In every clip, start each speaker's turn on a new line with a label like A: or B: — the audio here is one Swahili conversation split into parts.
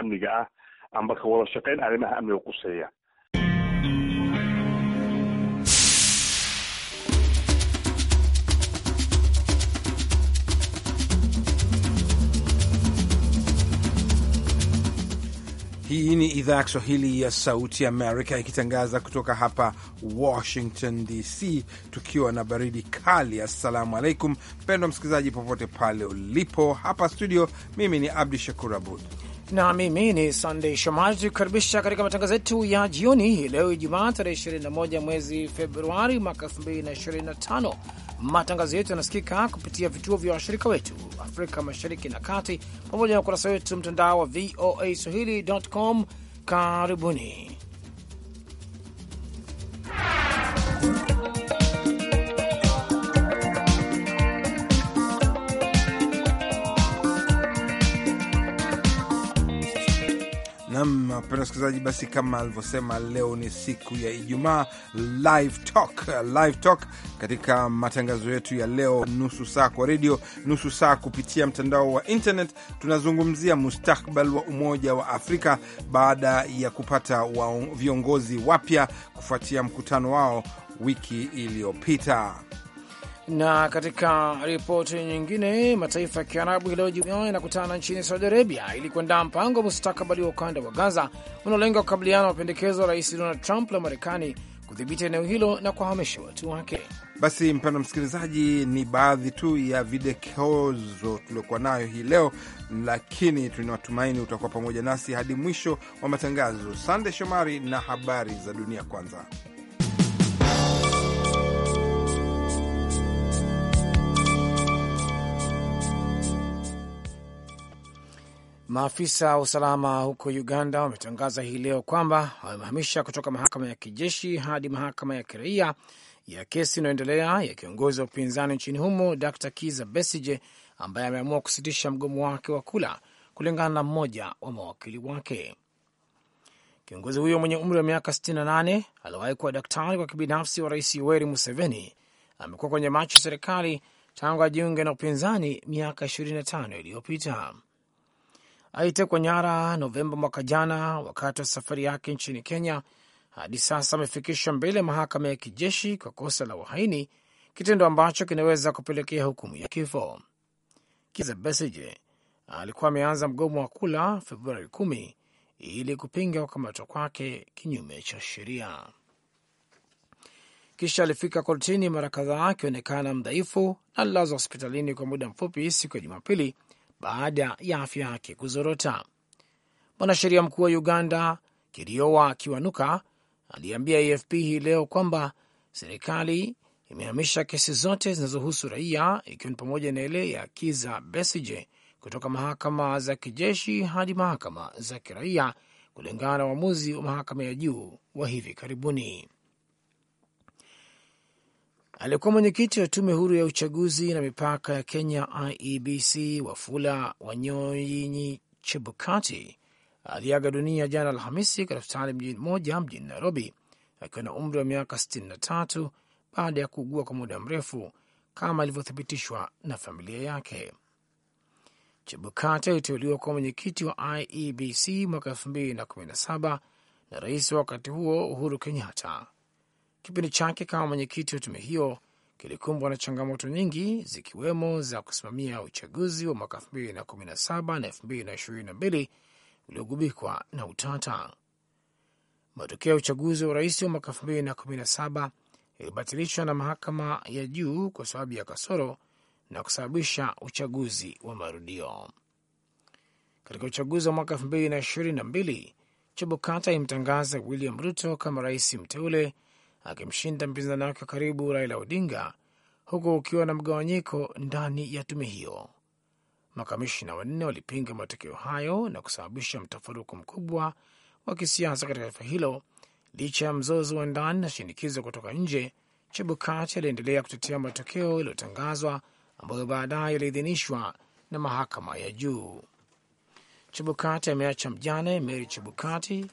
A: amniga ah amba ka wada shaqeyn arrimaha amniga quseeya
B: Hii ni idhaa ya Kiswahili ya Sauti Amerika ikitangaza kutoka hapa Washington DC, tukiwa na baridi kali. Assalamu alaikum mpendwa msikilizaji, popote pale ulipo. Hapa studio, mimi ni Abdu Shakur Abud
C: na mimi ni Sandey Shomari, tukukaribisha katika matangazo yetu ya jioni hii leo, Ijumaa tarehe 21 mwezi Februari mwaka 2025. Matangazo yetu yanasikika kupitia vituo vya washirika wetu Afrika mashariki na kati, pamoja na ukurasa wetu mtandao wa VOA swahili.com. Karibuni.
B: Nam, wapenda wasikilizaji, basi kama alivyosema, leo ni siku ya Ijumaa, live talk. Live talk katika matangazo yetu ya leo, nusu saa kwa redio, nusu saa kupitia mtandao wa internet. Tunazungumzia mustakbal wa Umoja wa Afrika baada ya kupata wa viongozi wapya kufuatia mkutano wao wiki iliyopita.
C: Na katika ripoti nyingine, mataifa ya Kiarabu leo Jumaa yanakutana nchini Saudi Arabia ili kuandaa mpango mustakabali wa ukanda wa Gaza unaolenga kukabiliana na mapendekezo ya Rais Donald Trump la Marekani kudhibiti eneo hilo na kuwahamisha watu wake.
B: Basi mpendwa msikilizaji, ni baadhi tu ya videkozo tuliokuwa nayo hii leo, lakini tunatumaini utakuwa pamoja nasi hadi mwisho wa matangazo. Sande Shomari na habari za dunia kwanza.
C: Maafisa wa usalama huko Uganda wametangaza hii leo kwamba wamehamisha kutoka mahakama ya kijeshi hadi mahakama ya kiraia ya kesi inayoendelea ya kiongozi wa upinzani nchini humo Dr Kiza Besige ambaye ameamua kusitisha mgomo wake wa kula kulingana na mmoja wa mawakili wake. Kiongozi huyo mwenye umri wa miaka 68 aliwahi kuwa daktari wa kibinafsi wa rais Yoweri Museveni amekuwa kwenye macho ya serikali tangu ajiunge na upinzani miaka 25 iliyopita alitekwa nyara Novemba mwaka jana wakati wa safari yake nchini Kenya. Hadi sasa amefikishwa mbele mahakama ya kijeshi kwa kosa la uhaini, kitendo ambacho kinaweza kupelekea hukumu ya kifo. Kizza Besigye alikuwa ameanza mgomo wa kula Februari 10 ili kupinga kukamatwa kwake kinyume cha sheria. Kisha alifika kortini mara kadhaa akionekana mdhaifu na alilazwa hospitalini kwa muda mfupi siku ya Jumapili baada ya afya yake kuzorota. Mwanasheria mkuu wa Uganda Kiriowa Kiwanuka aliambia AFP hii leo kwamba serikali imehamisha kesi zote zinazohusu raia ikiwa ni pamoja na ile ya Kiza Besige kutoka mahakama za kijeshi hadi mahakama za kiraia kulingana na uamuzi wa mahakama ya juu wa hivi karibuni. Aliyekuwa mwenyekiti wa tume huru ya uchaguzi na mipaka ya Kenya, IEBC, Wafula Wanyonyi Chebukati aliaga dunia jana Alhamisi katika hospitali moja mjini Nairobi akiwa na umri wa miaka 63 baada ya kuugua kwa muda mrefu kama alivyothibitishwa na familia yake. Chebukati aliteuliwa kuwa mwenyekiti wa IEBC mwaka 2017 na rais wa wakati huo Uhuru Kenyatta. Kipindi chake kama mwenyekiti wa tume hiyo kilikumbwa na changamoto nyingi zikiwemo za kusimamia uchaguzi wa mwaka 2017 na 2022 uliogubikwa na utata. Matokeo ya uchaguzi wa urais wa mwaka 2017 yalibatilishwa na mahakama ya juu kwa sababu ya kasoro na kusababisha uchaguzi wa marudio. Katika uchaguzi wa mwaka 2022, Chebukata imtangaza William Ruto kama rais mteule akimshinda mpinzani wake wa karibu Raila Odinga, huku ukiwa na mgawanyiko ndani ya tume hiyo. Makamishina wanne walipinga matokeo hayo na kusababisha mtafaruku mkubwa wa kisiasa katika taifa hilo, licha ya mzozo wa ndani na shinikizo kutoka nje. Chebukati aliendelea kutetea matokeo yaliyotangazwa ambayo baadaye yaliidhinishwa na mahakama ya juu. Chebukati ameacha mjane Mary Chebukati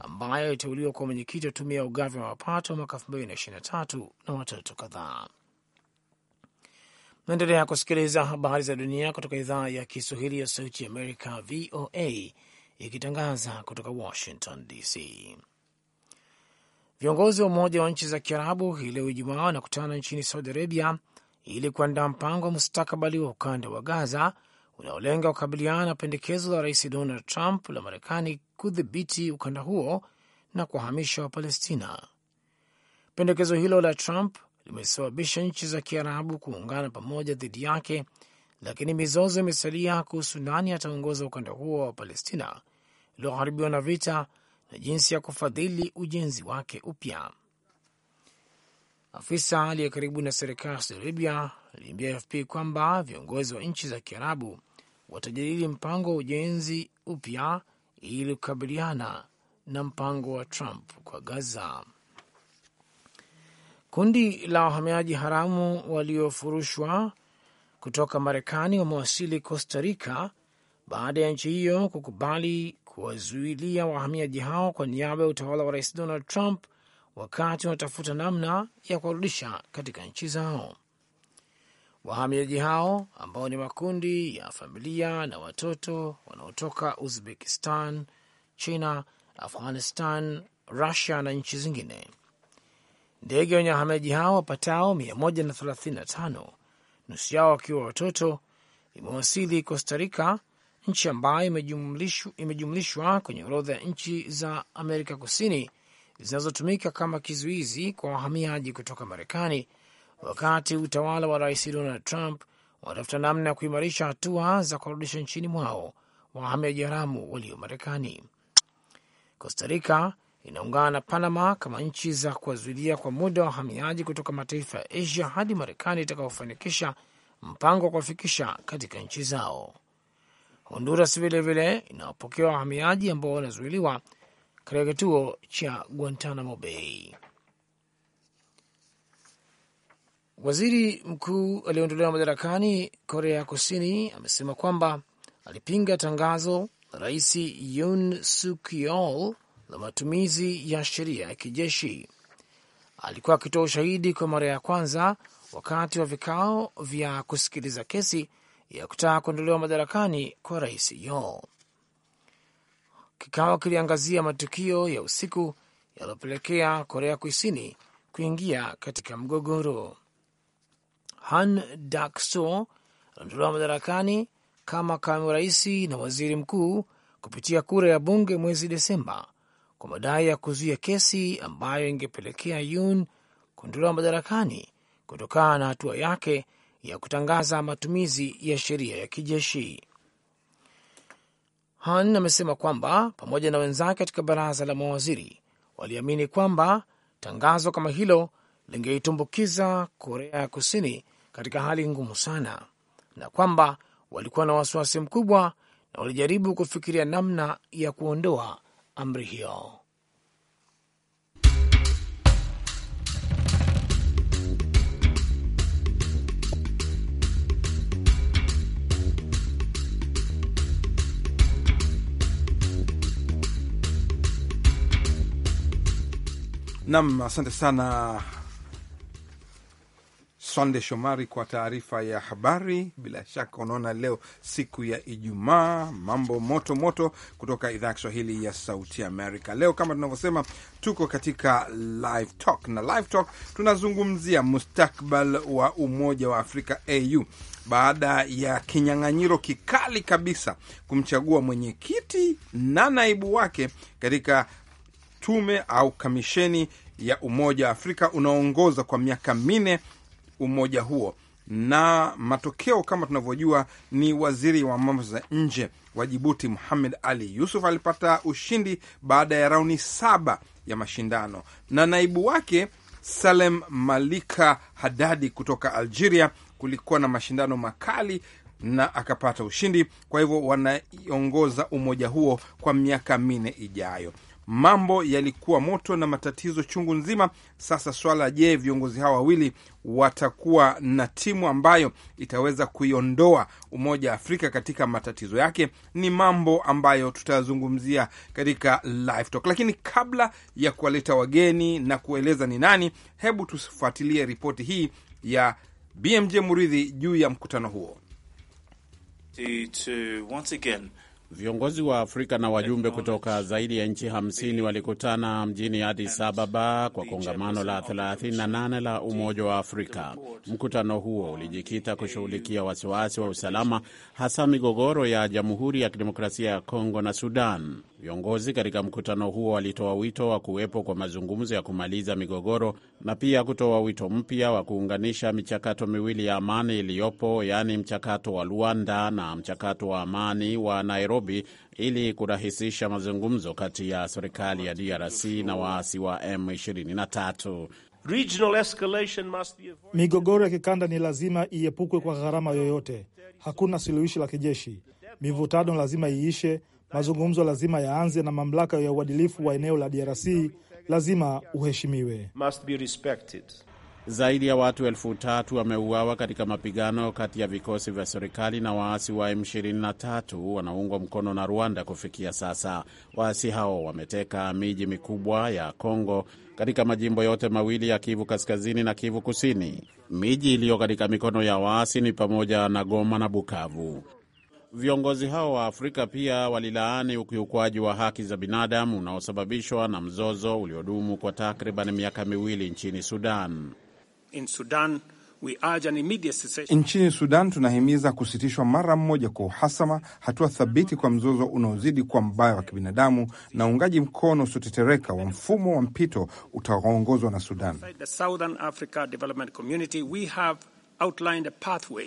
C: ambayo aliteuliwa kwa mwenyekiti wa tume ya ugavi wa mapato mwaka mbili na watoto kadhaa. Naendelea kusikiliza habari za dunia kutoka idhaa ya Kiswahili ya Sauti Amerika, VOA, ikitangaza kutoka Washington DC. Viongozi wa Umoja wa Nchi za Kiarabu hii leo Ijumaa wanakutana nchini Saudi Arabia ili kuandaa mpango wa mustakabali wa ukanda wa Gaza unaolenga kukabiliana na pendekezo la Rais Donald Trump la Marekani kudhibiti ukanda huo na kuwahamisha Wapalestina. Pendekezo hilo la Trump limesababisha nchi za Kiarabu kuungana pamoja dhidi yake, lakini mizozo imesalia kuhusu nani ataongoza ukanda huo wa Palestina ulioharibiwa na vita na jinsi ya kufadhili ujenzi wake upya. Afisa aliye karibu na serikali ya Saudi Arabia aliambia AFP kwamba viongozi wa nchi za Kiarabu watajadili mpango wa ujenzi upya ili kukabiliana na mpango wa Trump kwa Gaza. Kundi la wahamiaji haramu waliofurushwa kutoka Marekani wamewasili Costa Rica baada ya nchi hiyo kukubali kuwazuilia wahamiaji hao kwa niaba ya utawala wa Rais Donald Trump wakati wanatafuta namna ya kuwarudisha katika nchi zao. Wahamiaji hao ambao ni makundi ya familia na watoto wanaotoka Uzbekistan, China, Afghanistan, Rusia na nchi zingine. Ndege wenye wahamiaji hao wapatao 135 nusu yao wakiwa watoto imewasili Costa Rica, nchi ambayo imejumlishwa kwenye orodha ya nchi za Amerika Kusini zinazotumika kama kizuizi kwa wahamiaji kutoka Marekani wakati utawala wa Rais Donald Trump wanatafuta namna ya kuimarisha hatua za kurudisha nchini mwao wahamiaji haramu walio Marekani. Costa Rica inaungana na Panama kama nchi za kuwazuilia kwa muda wa wahamiaji kutoka mataifa ya Asia hadi Marekani itakaofanikisha mpango wa kuwafikisha katika nchi zao. Honduras vilevile inawapokea wahamiaji ambao wanazuiliwa katika kituo cha Guantanamo Bay. Waziri mkuu aliyeondolewa madarakani Korea ya Kusini amesema kwamba alipinga tangazo la Rais Yoon Suk Yeol la matumizi ya sheria ya kijeshi. Alikuwa akitoa ushahidi kwa mara ya kwanza wakati wa vikao vya kusikiliza kesi ya kutaka kuondolewa madarakani kwa Rais Yeol. Kikao kiliangazia matukio ya usiku yaliyopelekea Korea Kusini kuingia katika mgogoro. Han Dakso alimtolewa madarakani kama kamu rais na waziri mkuu kupitia kura ya bunge mwezi Desemba kwa madai ya kuzuia kesi ambayo ingepelekea Yun kuondolewa madarakani kutokana na hatua yake ya kutangaza matumizi ya sheria ya kijeshi. Han amesema kwamba pamoja na wenzake katika baraza la mawaziri waliamini kwamba tangazo kama hilo lingeitumbukiza Korea ya Kusini katika hali ngumu sana, na kwamba walikuwa na wasiwasi mkubwa na walijaribu kufikiria namna ya kuondoa amri hiyo.
B: Nam, asante sana Sande Shomari kwa taarifa ya habari. Bila shaka unaona leo siku ya Ijumaa, mambo moto moto kutoka idhaa ya Kiswahili ya Sauti Amerika. Leo kama tunavyosema, tuko katika live talk, na live talk tunazungumzia mustakbal wa Umoja wa Afrika au baada ya kinyang'anyiro kikali kabisa kumchagua mwenyekiti na naibu wake katika tume au kamisheni ya Umoja wa Afrika unaoongoza kwa miaka minne umoja huo, na matokeo kama tunavyojua ni waziri wa mambo za nje wa Jibuti Muhamed Ali Yusuf alipata ushindi baada ya rauni saba ya mashindano, na naibu wake Salem Malika Hadadi kutoka Algeria. Kulikuwa na mashindano makali na akapata ushindi. Kwa hivyo wanaiongoza umoja huo kwa miaka minne ijayo. Mambo yalikuwa moto na matatizo chungu nzima. Sasa swala, je, viongozi hawa wawili watakuwa na timu ambayo itaweza kuiondoa Umoja wa Afrika katika matatizo yake? Ni mambo ambayo tutayazungumzia katika Live Talk, lakini kabla ya kuwaleta wageni na kueleza ni nani, hebu tufuatilie ripoti hii ya BMJ Muridhi juu ya mkutano huo. once again. Viongozi wa Afrika na wajumbe
D: kutoka zaidi ya nchi 50 walikutana mjini Addis Ababa kwa kongamano la 38 la Umoja wa Afrika. Mkutano huo ulijikita kushughulikia wasiwasi wa usalama, hasa migogoro ya Jamhuri ya Kidemokrasia ya Kongo na Sudan. Viongozi katika mkutano huo walitoa wito wa kuwepo kwa mazungumzo ya kumaliza migogoro na pia kutoa wito mpya wa kuunganisha michakato miwili ya amani iliyopo, yaani mchakato wa Luanda na mchakato wa amani wa Nairobi Nairobi ili kurahisisha mazungumzo kati ya serikali ya DRC na waasi wa M23.
E: Migogoro ya kikanda ni lazima iepukwe kwa gharama yoyote. Hakuna suluhishi la kijeshi. Mivutano lazima iishe. Mazungumzo lazima yaanze, na mamlaka ya uadilifu wa eneo la DRC lazima uheshimiwe.
D: Must be respected. Zaidi ya watu elfu tatu wameuawa katika mapigano kati ya vikosi vya serikali na waasi wa M23 wanaoungwa mkono na Rwanda. Kufikia sasa, waasi hao wameteka miji mikubwa ya Kongo katika majimbo yote mawili ya Kivu Kaskazini na Kivu Kusini. Miji iliyo katika mikono ya waasi ni pamoja na Goma na Bukavu. Viongozi hao wa Afrika pia walilaani ukiukwaji wa haki za binadamu unaosababishwa na mzozo uliodumu kwa takriban miaka miwili nchini Sudan. In Sudan, we urge an immediate cessation.
B: Nchini Sudan tunahimiza kusitishwa mara mmoja kwa uhasama, hatua thabiti kwa mzozo unaozidi kuwa mbaya wa kibinadamu na uungaji mkono usiotetereka wa mfumo wa mpito utakaoongozwa na Sudan.
C: The Southern Africa Development Community, we have outlined a pathway.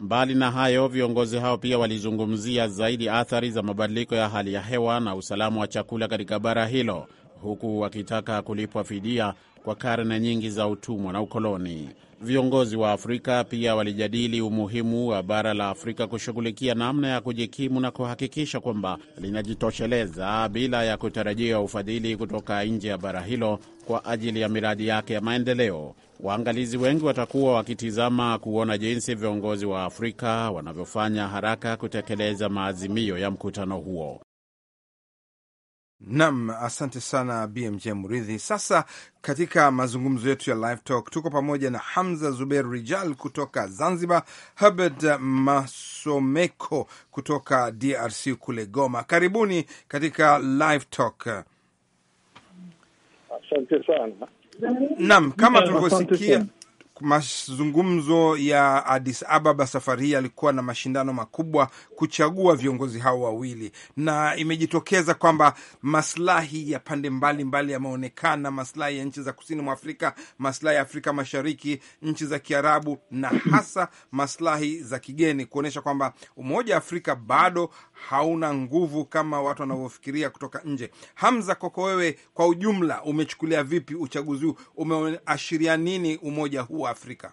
D: Mbali na hayo, viongozi hao pia walizungumzia zaidi athari za mabadiliko ya hali ya hewa na usalama wa chakula katika bara hilo huku wakitaka kulipwa fidia kwa karne nyingi za utumwa na ukoloni. Viongozi wa Afrika pia walijadili umuhimu wa bara la Afrika kushughulikia namna ya kujikimu na kuhakikisha kwamba linajitosheleza bila ya kutarajia ufadhili kutoka nje ya bara hilo kwa ajili ya miradi yake ya maendeleo. Waangalizi wengi watakuwa wakitizama kuona jinsi viongozi wa Afrika wanavyofanya haraka kutekeleza maazimio ya mkutano huo.
B: Nam, asante sana BMJ Muridhi. Sasa katika mazungumzo yetu ya Live Talk tuko pamoja na Hamza Zuber Rijal kutoka Zanzibar, Herbert Masomeko kutoka DRC kule Goma. Karibuni katika Live Talk.
A: Asante sana.
B: Nam, kama tulivyosikia mazungumzo ya Addis Ababa safari hii yalikuwa na mashindano makubwa kuchagua viongozi hao wawili, na imejitokeza kwamba maslahi ya pande mbalimbali yameonekana: maslahi ya nchi za kusini mwa Afrika, maslahi ya Afrika Mashariki, nchi za Kiarabu na hasa maslahi za kigeni, kuonyesha kwamba Umoja wa Afrika bado hauna nguvu kama watu wanavyofikiria kutoka nje. Hamza Koko, wewe kwa ujumla umechukulia vipi uchaguzi huu? Umeashiria nini umoja huu wa Afrika?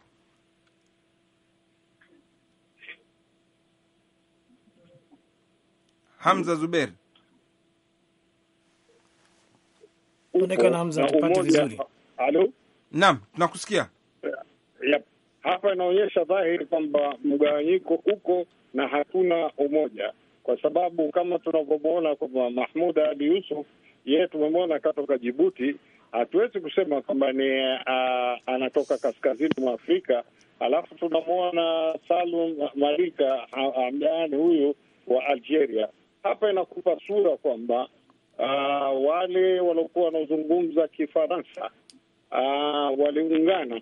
B: Hamza Zuber, onekana Hamza, tupate vizuri. Naam, tunakusikia.
A: Yep. Hapa inaonyesha dhahiri kwamba mgawanyiko uko na hakuna umoja kwa sababu kama tunavyomwona kwamba Mahmud Ali Yusuf yeye tumemwona katoka Jibuti, hatuwezi kusema kwamba ni uh, anatoka kaskazini mwa Afrika. Alafu tunamwona Salum Malika Hamdani huyu wa Algeria. Hapa inakupa sura kwamba uh, wale waliokuwa wanaozungumza Kifaransa uh, waliungana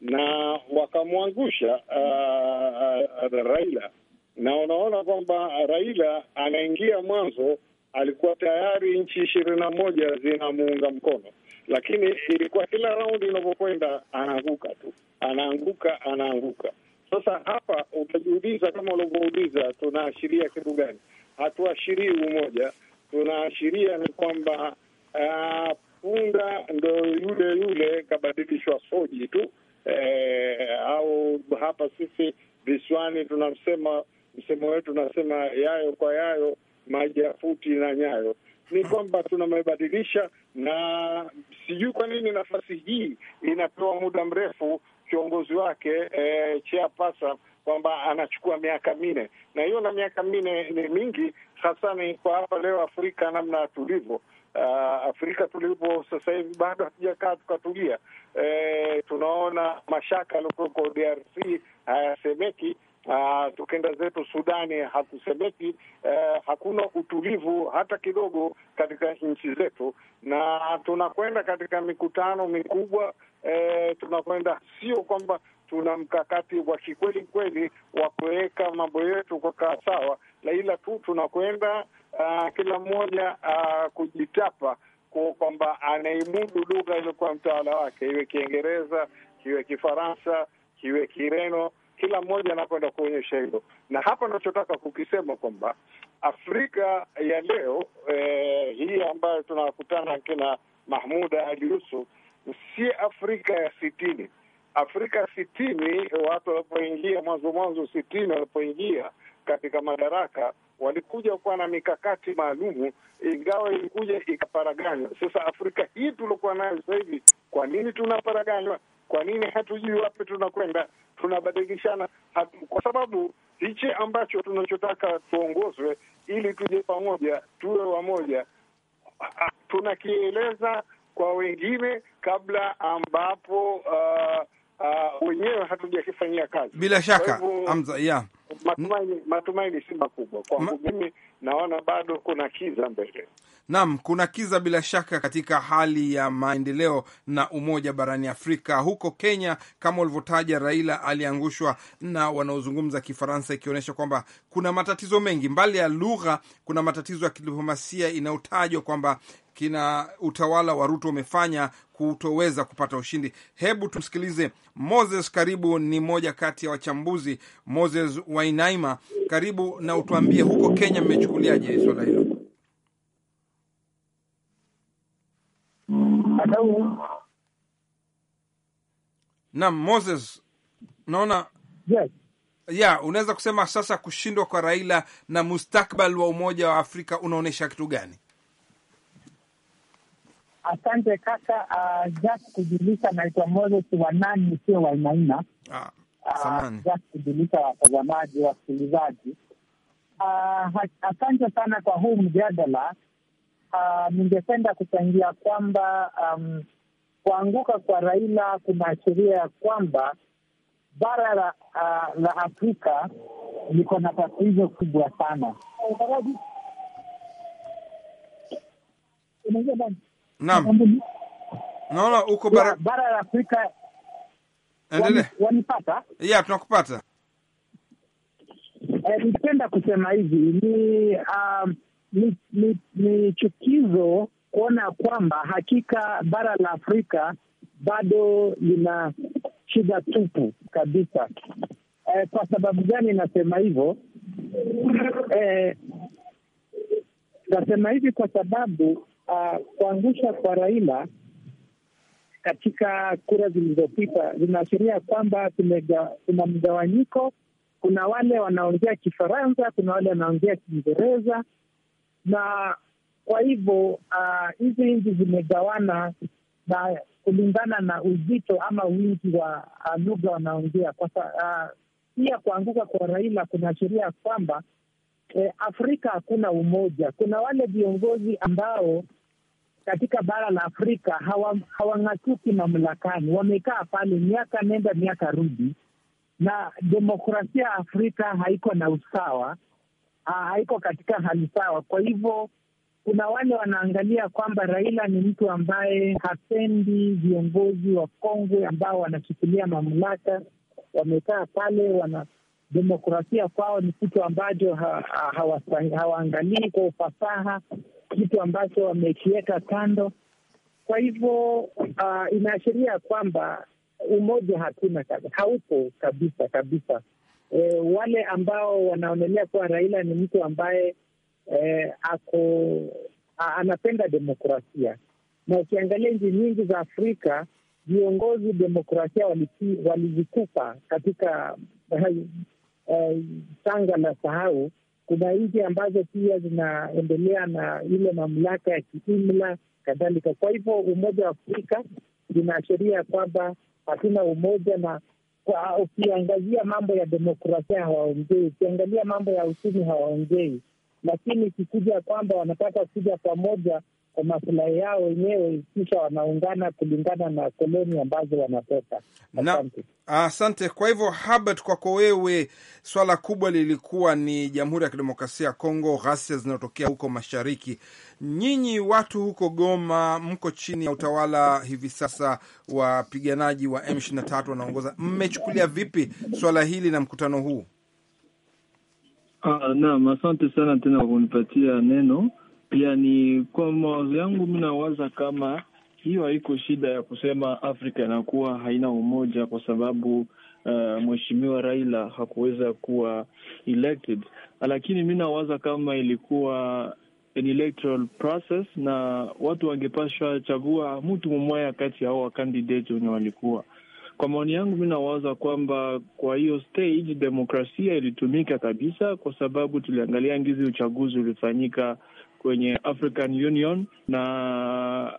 A: na wakamwangusha uh, uh, Raila na unaona kwamba Raila anaingia mwanzo, alikuwa tayari nchi ishirini na moja zinamuunga mkono, lakini ilikuwa kila raundi inavyokwenda anaanguka tu, anaanguka, anaanguka. Sasa hapa utajiuliza kama ulivyouliza, tunaashiria kitu gani? Hatuashirii umoja, tunaashiria ni kwamba ah, punda ndo yule yule kabadilishwa soji tu E, au hapa sisi visiwani tunasema msemo wetu unasema yayo kwa yayo, maji ya futi na nyayo. Ni kwamba tunamebadilisha, na sijui kwa nini nafasi hii inapewa muda mrefu kiongozi wake eh, Chiapasa kwamba anachukua miaka minne na hiyo, na miaka minne ni mingi, hasa ni kwa hapa leo Afrika namna tulivyo. Uh, Afrika tulipo sasa hivi bado hatujakaa tukatulia. Eh, tunaona mashaka yaliokuweko DRC hayasemeki Ah, tukenda zetu Sudani hakusemeki, uh, eh, hakuna utulivu hata kidogo katika nchi zetu, na tunakwenda katika mikutano mikubwa uh, tunakwenda sio kwamba tuna mkakati wa kikweli kweli wa kuweka mambo yetu kwa kaa sawa, la ila tu tunakwenda uh, kila mmoja uh, kujitapa kwamba anaimudu lugha iliyokuwa mtawala wake, iwe Kiingereza, kiwe Kifaransa, kiwe Kireno kila mmoja anakwenda kuonyesha hilo, na hapa nachotaka kukisema kwamba Afrika ya leo eh, hii ambayo tunakutana kina Mahmuda Ali Yusuf si Afrika ya sitini. Afrika sitini, watu walipoingia mwanzo mwanzo sitini, walipoingia katika madaraka walikuja kuwa na mikakati maalumu, ingawa ilikuja ikaparaganywa. Sasa Afrika hii tuliokuwa nayo sasa hivi, kwa nini tunaparaganywa? Kwa nini hatujui wapi tunakwenda? Tunabadilishana hatu, kwa sababu hichi ambacho tunachotaka tuongozwe, ili tuje pamoja, tuwe wamoja, tunakieleza kwa wengine kabla ambapo uh, uh, wenyewe hatujakifanyia kazi. Bila shaka Hamza, yeah. Matumaini, matumaini si makubwa kwangu mimi, naona bado kuna kiza mbele.
B: Naam, kuna kiza bila shaka katika hali ya maendeleo na umoja barani Afrika. Huko Kenya, kama ulivyotaja, Raila aliangushwa na wanaozungumza Kifaransa, ikionyesha kwamba kuna matatizo mengi. Mbali ya lugha, kuna matatizo ya kidiplomasia inayotajwa kwamba kina utawala wa Ruto umefanya kutoweza kupata ushindi. Hebu tumsikilize Moses. Karibu, ni moja kati ya wachambuzi Moses Wainaima, karibu na utuambie, huko Kenya mmechukuliaje swala hilo? Naam, Moses, naona yes. Ya, unaweza kusema sasa kushindwa kwa Raila na mustakbal wa Umoja wa Afrika unaonyesha kitu gani?
F: Asante kaka. Uh, kujulisa kujulisha, naitwa Moses Wanani, sio Waimaina. Ah, uh, kujulisha watazamaji, wasikilizaji, uh, asante sana kwa huu mjadala. Uh, ningependa kuchangia kwamba um, kuanguka kwa Raila kunaashiria ya kwamba bara la, uh, la Afrika liko na tatizo kubwa sana
B: Naam, naona uko bara bara la Afrika. Endelea, wanipata? Yeah, tunakupata.
F: Eh, Nipenda kusema hivi ni, um, ni, ni ni chukizo kuona kwamba hakika bara la Afrika bado lina shida tupu kabisa. E, kwa sababu gani nasema hivyo? E, nasema hivi kwa sababu Uh, kuangusha kwa Raila katika kura zilizopita zinaashiria kwamba kuna mgawanyiko. Kuna wale wanaongea Kifaransa, kuna wale wanaongea Kiingereza, na kwa hivyo uh, hizi uh, nchi zimegawana na kulingana na uzito ama wingi wa uh, lugha wanaongea. Kwa pia uh, kuanguka kwa Raila kunaashiria kwamba eh, Afrika hakuna umoja. Kuna wale viongozi ambao katika bara la Afrika hawang'atuki hawa mamlakani, wamekaa pale miaka nenda miaka rudi, na demokrasia ya Afrika haiko na usawa, haiko katika hali sawa. Kwa hivyo kuna wale wanaangalia kwamba Raila ni mtu ambaye hapendi viongozi wa kongwe ambao wanashikilia mamlaka, wamekaa pale wana demokrasia kwao ni kitu ambacho hawaangalii ha, ha, kwa ufasaha, kitu ambacho wamekiweka kando. Kwa hivyo uh, inaashiria kwamba umoja hakuna haupo kabisa kabisa. E, wale ambao wanaonelea kuwa Raila ni mtu ambaye e, ako a, anapenda demokrasia, na ukiangalia nchi nyingi za Afrika viongozi demokrasia walizikupa katika Eh, sanga uh, la sahau, kuna nchi ambazo pia zinaendelea na ile mamlaka ya kiimla kadhalika. Kwa hivyo Umoja wa Afrika inaashiria kwamba hatuna umoja na kwa ukiangazia mambo ya demokrasia hawaongei, ukiangalia mambo ya uchumi hawaongei, lakini ikikuja kwamba wanataka kuja pamoja kwa masilahi yao wenyewe, kisha wanaungana kulingana na koloni ambazo
B: wanatoka. Asante. Asante. Kwa hivyo Habert, kwako wewe, swala kubwa lilikuwa ni Jamhuri ya Kidemokrasia ya Kongo, ghasia zinazotokea huko mashariki. Nyinyi watu huko Goma mko chini ya utawala hivi sasa, wapiganaji wa M23 wanaongoza, mmechukulia vipi swala hili na mkutano huu?
G: Ah, naam, asante sana tena kwa kunipatia neno ni kwa mawazo yangu mi nawaza kama hiyo haiko shida ya kusema Afrika inakuwa haina umoja kwa sababu Uh, Mheshimiwa Raila hakuweza kuwa elected, lakini mi nawaza kama ilikuwa an electoral process na watu wangepashwa chagua mtu mmoja kati ya hao wakandidate wenye walikuwa. Kwa maoni yangu, mi nawaza kwamba kwa hiyo stage demokrasia ilitumika kabisa, kwa sababu tuliangalia ngizi uchaguzi ulifanyika kwenye African Union na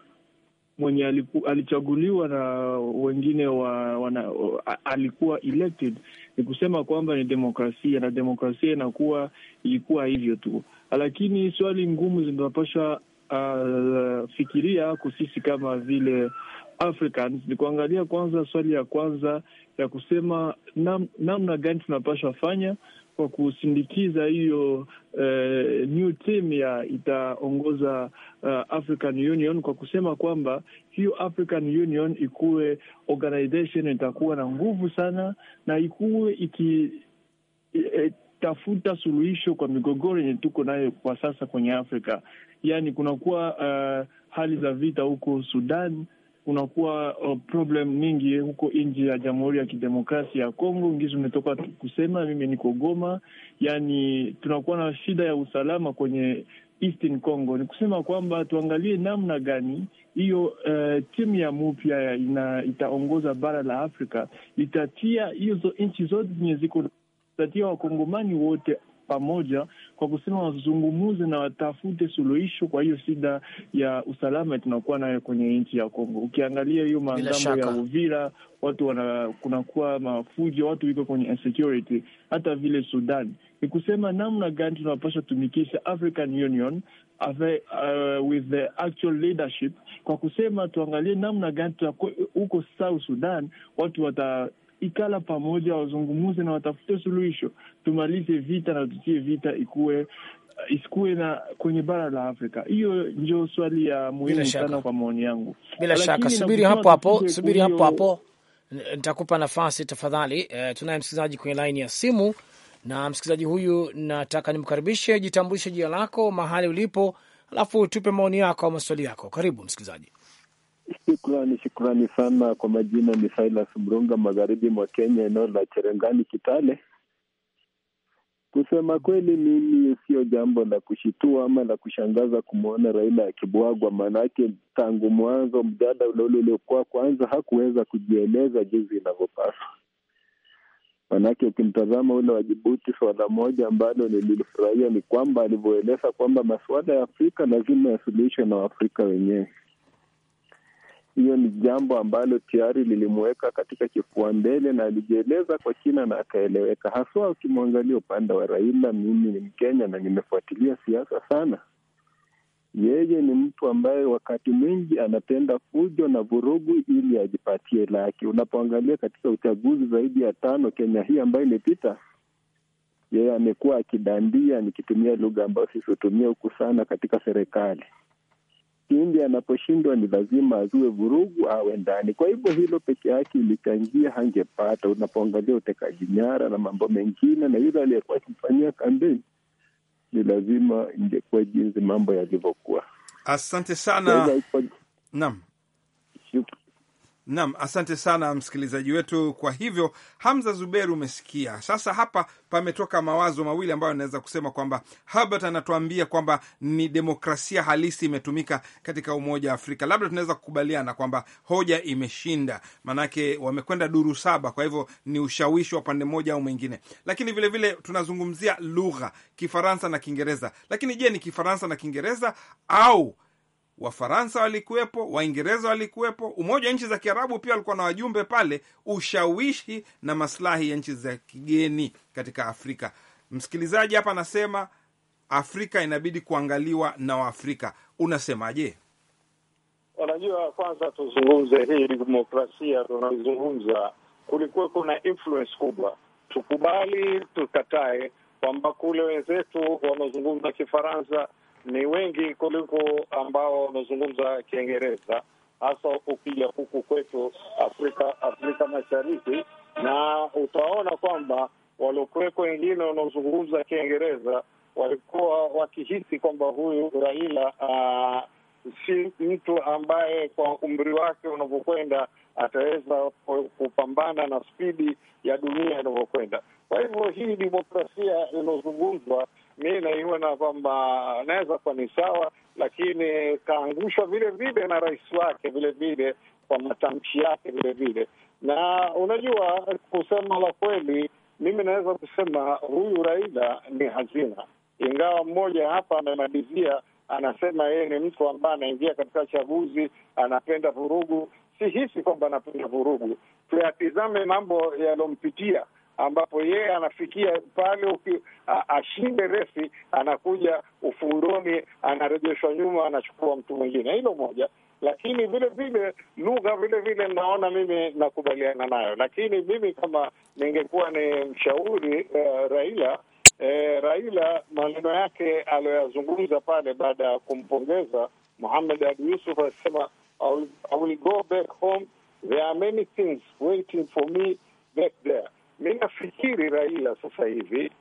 G: mwenye aliku, alichaguliwa na wengine wa, wana, alikuwa elected. Ni kusema kwamba ni demokrasia na demokrasia inakuwa ilikuwa hivyo tu, lakini swali ngumu zinapasha uh, fikiria kusisi kama vile Africans ni kuangalia kwanza, swali ya kwanza ya kusema nam, namna gani tunapasha fanya kwa kusindikiza hiyo uh, new team ya itaongoza uh, African Union kwa kusema kwamba hiyo African Union ikuwe organization itakuwa na nguvu sana na ikuwe iki e, tafuta suluhisho kwa migogoro yenye tuko nayo kwa sasa kwenye Afrika. Yaani kunakuwa uh, hali za vita huko Sudan kunakuwa uh, problem mingi huko nji ya Jamhuri ya Kidemokrasia ya Kongo. Ngizi umetoka kusema, mimi niko Goma, yani tunakuwa na shida ya usalama kwenye Eastern Congo. Ni kusema kwamba tuangalie namna gani hiyo uh, timu ya mupya ina itaongoza bara la Afrika itatia hizo nchi zote zenye ziko tatia wakongomani wote pamoja kwa kusema wazungumuze na watafute suluhisho kwa hiyo shida ya usalama tunakuwa nayo kwenye nchi ya Kongo. Ukiangalia hiyo mangambo ya Uvira, watu wana kunakuwa mafujo, watu wiko kwenye insecurity, hata vile Sudan. Ni kusema namna gani tunapasha tumikisha African Union uh, with the actual leadership kwa kusema tuangalie namna gani huko South Sudan watu wata ikala pamoja, wazungumuze na watafute suluhisho, tumalize vita na tutie vita ikuwe isikuwe na kwenye bara la Afrika. Hiyo ndio swali ya muhimu sana kwa maoni yangu. Bila shaka, subiri hapo hapo, subiri hapo hapo,
C: nitakupa nafasi tafadhali. E, tunaye msikilizaji kwenye laini ya simu, na msikilizaji huyu nataka nimkaribishe. Jitambulishe jina lako, mahali ulipo, alafu tupe maoni yako au maswali yako. Karibu msikilizaji.
H: Shukrani, shukrani sana. Kwa majina ni Silas Mrunga, magharibi mwa Kenya, eneo la Cherengani, Kitale. Kusema kweli, mimi sio jambo la kushitua ama la kushangaza kumwona Raila akibwagwa, maanake tangu mwanzo mjadala ule uliokuwa kwanza hakuweza kujieleza jinsi inavyopaswa. Maanake ukimtazama ule wa Jibuti, suala moja ambalo nililifurahia ni kwamba alivyoeleza kwamba masuala ya Afrika lazima yasuluhishwe na Waafrika wenyewe hiyo ni jambo ambalo tayari lilimuweka katika kifua mbele na alijieleza kwa kina na akaeleweka, haswa ukimwangalia upande wa Raila. Mimi ni Mkenya na nimefuatilia siasa sana. Yeye ni mtu ambaye wakati mwingi anapenda fujo na vurugu ili ajipatie laki. Unapoangalia katika uchaguzi zaidi ya tano Kenya hii ambayo imepita, yeye amekuwa akidandia, nikitumia lugha ambayo sisi hutumia huku sana katika serikali pindi anaposhindwa ni lazima azue vurugu awe ndani. Kwa hivyo hilo peke yake ilichangia hangepata, unapoangalia utekaji nyara na mambo mengine, na yule aliyekuwa akimfanyia kampeni, ni lazima ingekuwa jinsi mambo yalivyokuwa.
B: Asante sana. Naam, Naam, asante sana msikilizaji wetu. Kwa hivyo, Hamza Zuberi, umesikia sasa. Hapa pametoka mawazo mawili ambayo anaweza kusema kwamba Herbert anatuambia kwamba ni demokrasia halisi imetumika katika Umoja wa Afrika. Labda tunaweza kukubaliana kwamba hoja imeshinda, maanake wamekwenda duru saba, kwa hivyo ni ushawishi wa pande moja au mwingine. Lakini vilevile vile, tunazungumzia lugha Kifaransa na Kiingereza, lakini je, ni Kifaransa na Kiingereza au Wafaransa walikuwepo, Waingereza walikuwepo, Umoja wa Nchi za Kiarabu pia walikuwa na wajumbe pale, ushawishi na maslahi ya nchi za kigeni katika Afrika. Msikilizaji hapa anasema Afrika inabidi kuangaliwa na Waafrika. Unasemaje?
A: Unajua, kwanza tuzungumze hii demokrasia tunaizungumza, kulikuwa kuna influence kubwa, tukubali tukatae, kwamba kule wenzetu wanaozungumza Kifaransa ni wengi kuliko ambao wamezungumza Kiingereza, hasa ukija huku kwetu Afrika Afrika Mashariki, na utaona kwamba waliokuweko wengine wanaozungumza Kiingereza walikuwa wakihisi kwamba huyu Raila ah, si mtu ambaye kwa umri wake unavyokwenda ataweza kupambana na spidi ya dunia inavyokwenda. Kwa hivyo hii demokrasia inayozungumzwa mi naiona kwamba anaweza kuwa ni sawa, lakini kaangushwa vile vile na rais wake vile vile kwa matamshi yake vile vile. Na unajua, kusema la kweli, mimi naweza kusema huyu Raila ni hazina, ingawa mmoja hapa amemalizia anasema yeye ni mtu ambaye anaingia katika chaguzi, anapenda vurugu. Si hisi kwamba anapenda vurugu, tuyatizame mambo yaliyompitia ambapo yeye anafikia pale ashinde resi, anakuja ufundoni, anarejeshwa nyuma, anachukua mtu mwingine. Hilo moja lakini vile vile lugha vile vile naona mimi nakubaliana nayo, lakini mimi kama ningekuwa ni mshauri uh, Raila eh, Raila maneno yake aliyoyazungumza pale baada ya kumpongeza Muhammad Ali Yusuf alisema I will go back home there are many things waiting for me back there mi nafikiri Raila sasa hivi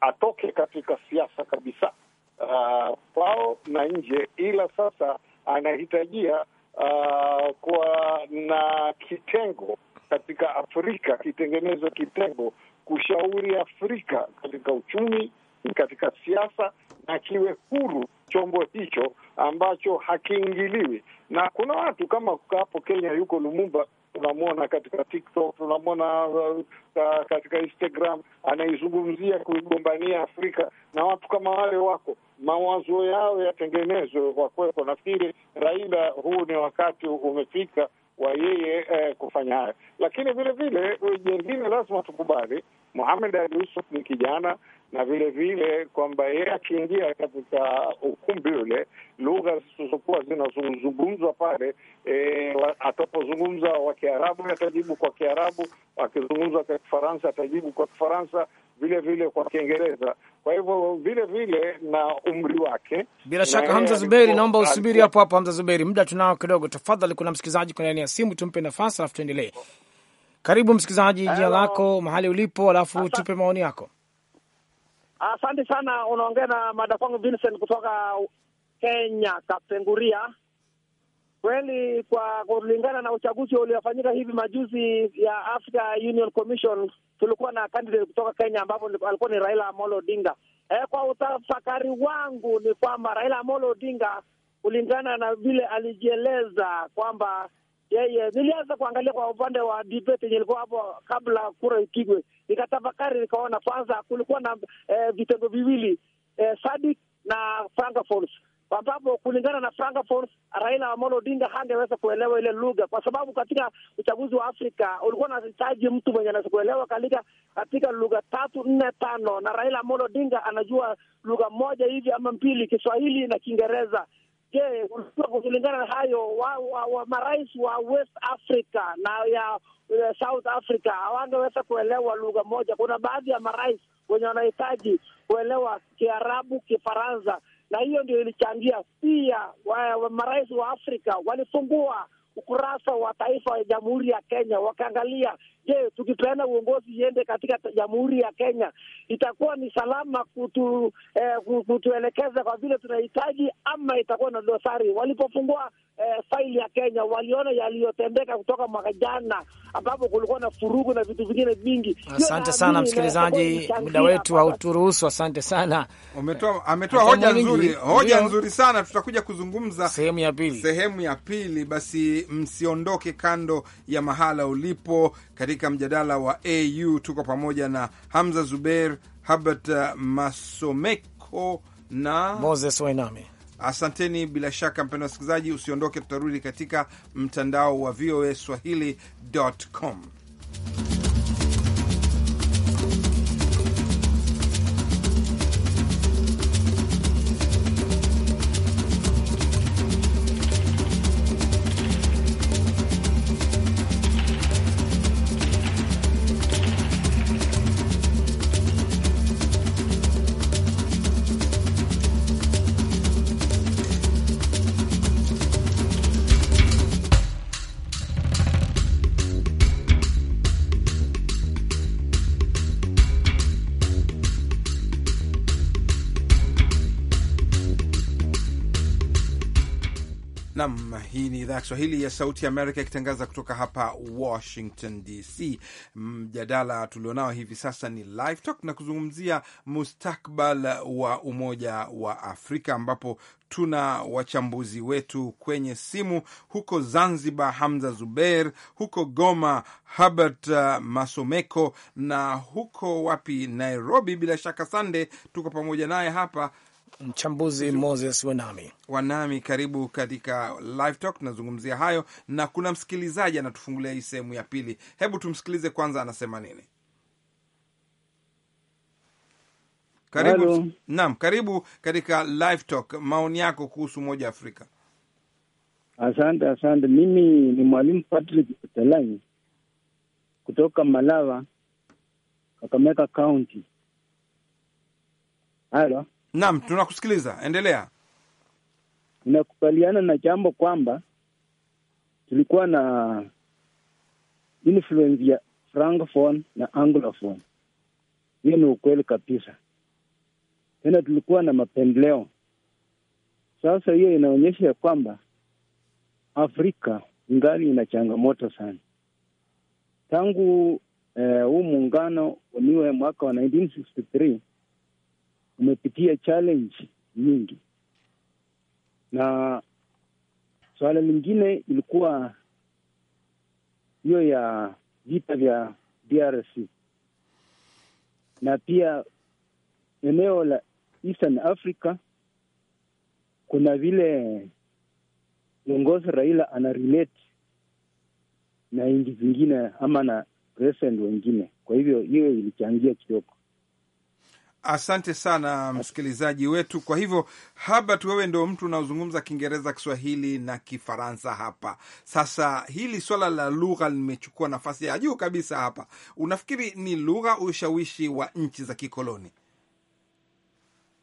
A: atoke katika siasa kabisa, uh, kwao na nje, ila sasa anahitajia uh, kuwa na kitengo katika Afrika, kitengenezwe kitengo kushauri Afrika katika uchumi, katika siasa, na kiwe huru chombo hicho ambacho hakiingiliwi. Na kuna watu kama hapo Kenya yuko Lumumba tunamwona katika TikTok, tunamwona uh, uh, katika Instagram anaizungumzia kuigombania Afrika, na watu kama wale wako mawazo yao yatengenezwe kwa kweko. Nafikiri Raila, huu ni wakati umefika wa yeye eh, kufanya hayo, lakini vile vile eh, jengine lazima tukubali Muhamed Ali Yusuf ni kijana na vile vile kwamba yeye akiingia katika ukumbi ule, lugha zisizokuwa zinazozungumzwa pale e, atapozungumza wa Kiarabu atajibu kwa Kiarabu, akizungumza kwa Kifaransa atajibu kwa Kifaransa, vile vile kwa Kiingereza. Kwa hivyo vile vile na umri wake. Bila shaka, Hamza Zuberi, naomba usubiri hapo
C: hapo. Hamza Zuberi, muda tunao kidogo. Tafadhali, kuna msikilizaji kwenye laini ya simu, tumpe nafasi alafu tuendelee. Karibu msikilizaji, jina lako, mahali ulipo, alafu tupe maoni yako.
I: Asante sana, unaongea na mada kwangu Vincent kutoka Kenya, Kapenguria. Kweli kwa kulingana na uchaguzi uliofanyika hivi majuzi ya Africa Union Commission, tulikuwa na candidate kutoka Kenya ambapo alikuwa ni Raila Amolo Odinga. E, kwa utafakari wangu ni kwamba Raila Amolo Odinga kulingana na vile alijieleza kwamba yeye, nilianza kuangalia kwa upande wa debate yenye ilikuwa hapo kabla kura ipigwe, nikatafakari, nikaona kwanza kulikuwa na eh, vitengo viwili eh, Sadik na Francophones ambapo kulingana na Francophones, Raila Amolo Odinga hangeweza kuelewa ile lugha, kwa sababu katika uchaguzi wa Afrika ulikuwa unahitaji mtu mwenye anaweza kuelewa katika katika lugha tatu nne tano, na Raila Amolo Odinga anajua lugha moja hivi ama mbili, Kiswahili na Kiingereza. Je, unajua kulingana na hayo wa, wa, wa marais wa West Africa na ya South Africa hawangeweza kuelewa lugha moja. Kuna baadhi ya marais wenye wanahitaji kuelewa Kiarabu, Kifaransa, na hiyo ndio ilichangia pia. wa, wa marais wa Afrika walifungua ukurasa wa taifa ya Jamhuri ya Kenya, wakaangalia Je, tukipeana uongozi iende katika jamhuri ya Kenya itakuwa ni salama kutu, eh, kutuelekeza kwa vile tunahitaji, ama itakuwa na dosari? Walipofungua eh, faili ya Kenya waliona yaliyotendeka kutoka mwaka jana, ambapo kulikuwa na furugu na vitu vingine vingi. Asante sana msikilizaji, muda wetu
C: hauturuhusu. Asante sana, ametoa hoja nzuri, hoja nzuri sana. Tutakuja kuzungumza
B: sehemu ya pili, sehemu ya pili. Basi msiondoke kando ya mahala ulipo katika katika mjadala wa AU. Tuko pamoja na Hamza Zuber, Habert uh, Masomeko na Moses Wainami. Asanteni. Bila shaka, mpendwa msikilizaji, usiondoke, tutarudi katika mtandao wa VOA swahili.com. Hii ni idhaa ya Kiswahili ya Sauti Amerika ikitangaza kutoka hapa Washington DC. Mjadala tulionao hivi sasa ni Live Talk na kuzungumzia mustakbal wa Umoja wa Afrika, ambapo tuna wachambuzi wetu kwenye simu huko Zanzibar, Hamza Zubeir, huko Goma, Herbert uh, Masomeko, na huko wapi, Nairobi. Bila shaka Sande tuko pamoja naye hapa mchambuzi Moses Wanami. Wanami, karibu katika Live Talk, tunazungumzia hayo na kuna msikilizaji anatufungulia hii sehemu ya pili. Hebu tumsikilize kwanza, anasema nini.
E: Karibu.
B: Naam, karibu katika Live Talk, maoni yako kuhusu Umoja wa Afrika.
E: Asante, asante. Mimi ni mwalimu Patrick Telani kutoka Malava, Kakamega County.
B: Halo. Naam, tunakusikiliza, endelea.
E: Tunakubaliana na jambo kwamba
B: tulikuwa na influence
E: ya francophone na anglophone, hiyo ni ukweli kabisa. Tena tulikuwa na mapendeleo. Sasa hiyo inaonyesha ya kwamba Afrika ngali ina changamoto sana tangu eh, huu eh, muungano uniwe mwaka wa umepitia challenge nyingi, na suala lingine ilikuwa hiyo ya vita vya DRC na pia eneo la Eastern Africa. Kuna vile viongozi Raila ana relate na ingi zingine ama na president wengine, kwa hivyo hiyo ilichangia kidogo.
B: Asante sana msikilizaji wetu. Kwa hivyo, habat wewe ndio mtu unaozungumza Kiingereza, Kiswahili na Kifaransa hapa. Sasa hili swala la lugha limechukua nafasi ya juu kabisa hapa. Unafikiri ni lugha ushawishi wa nchi za kikoloni?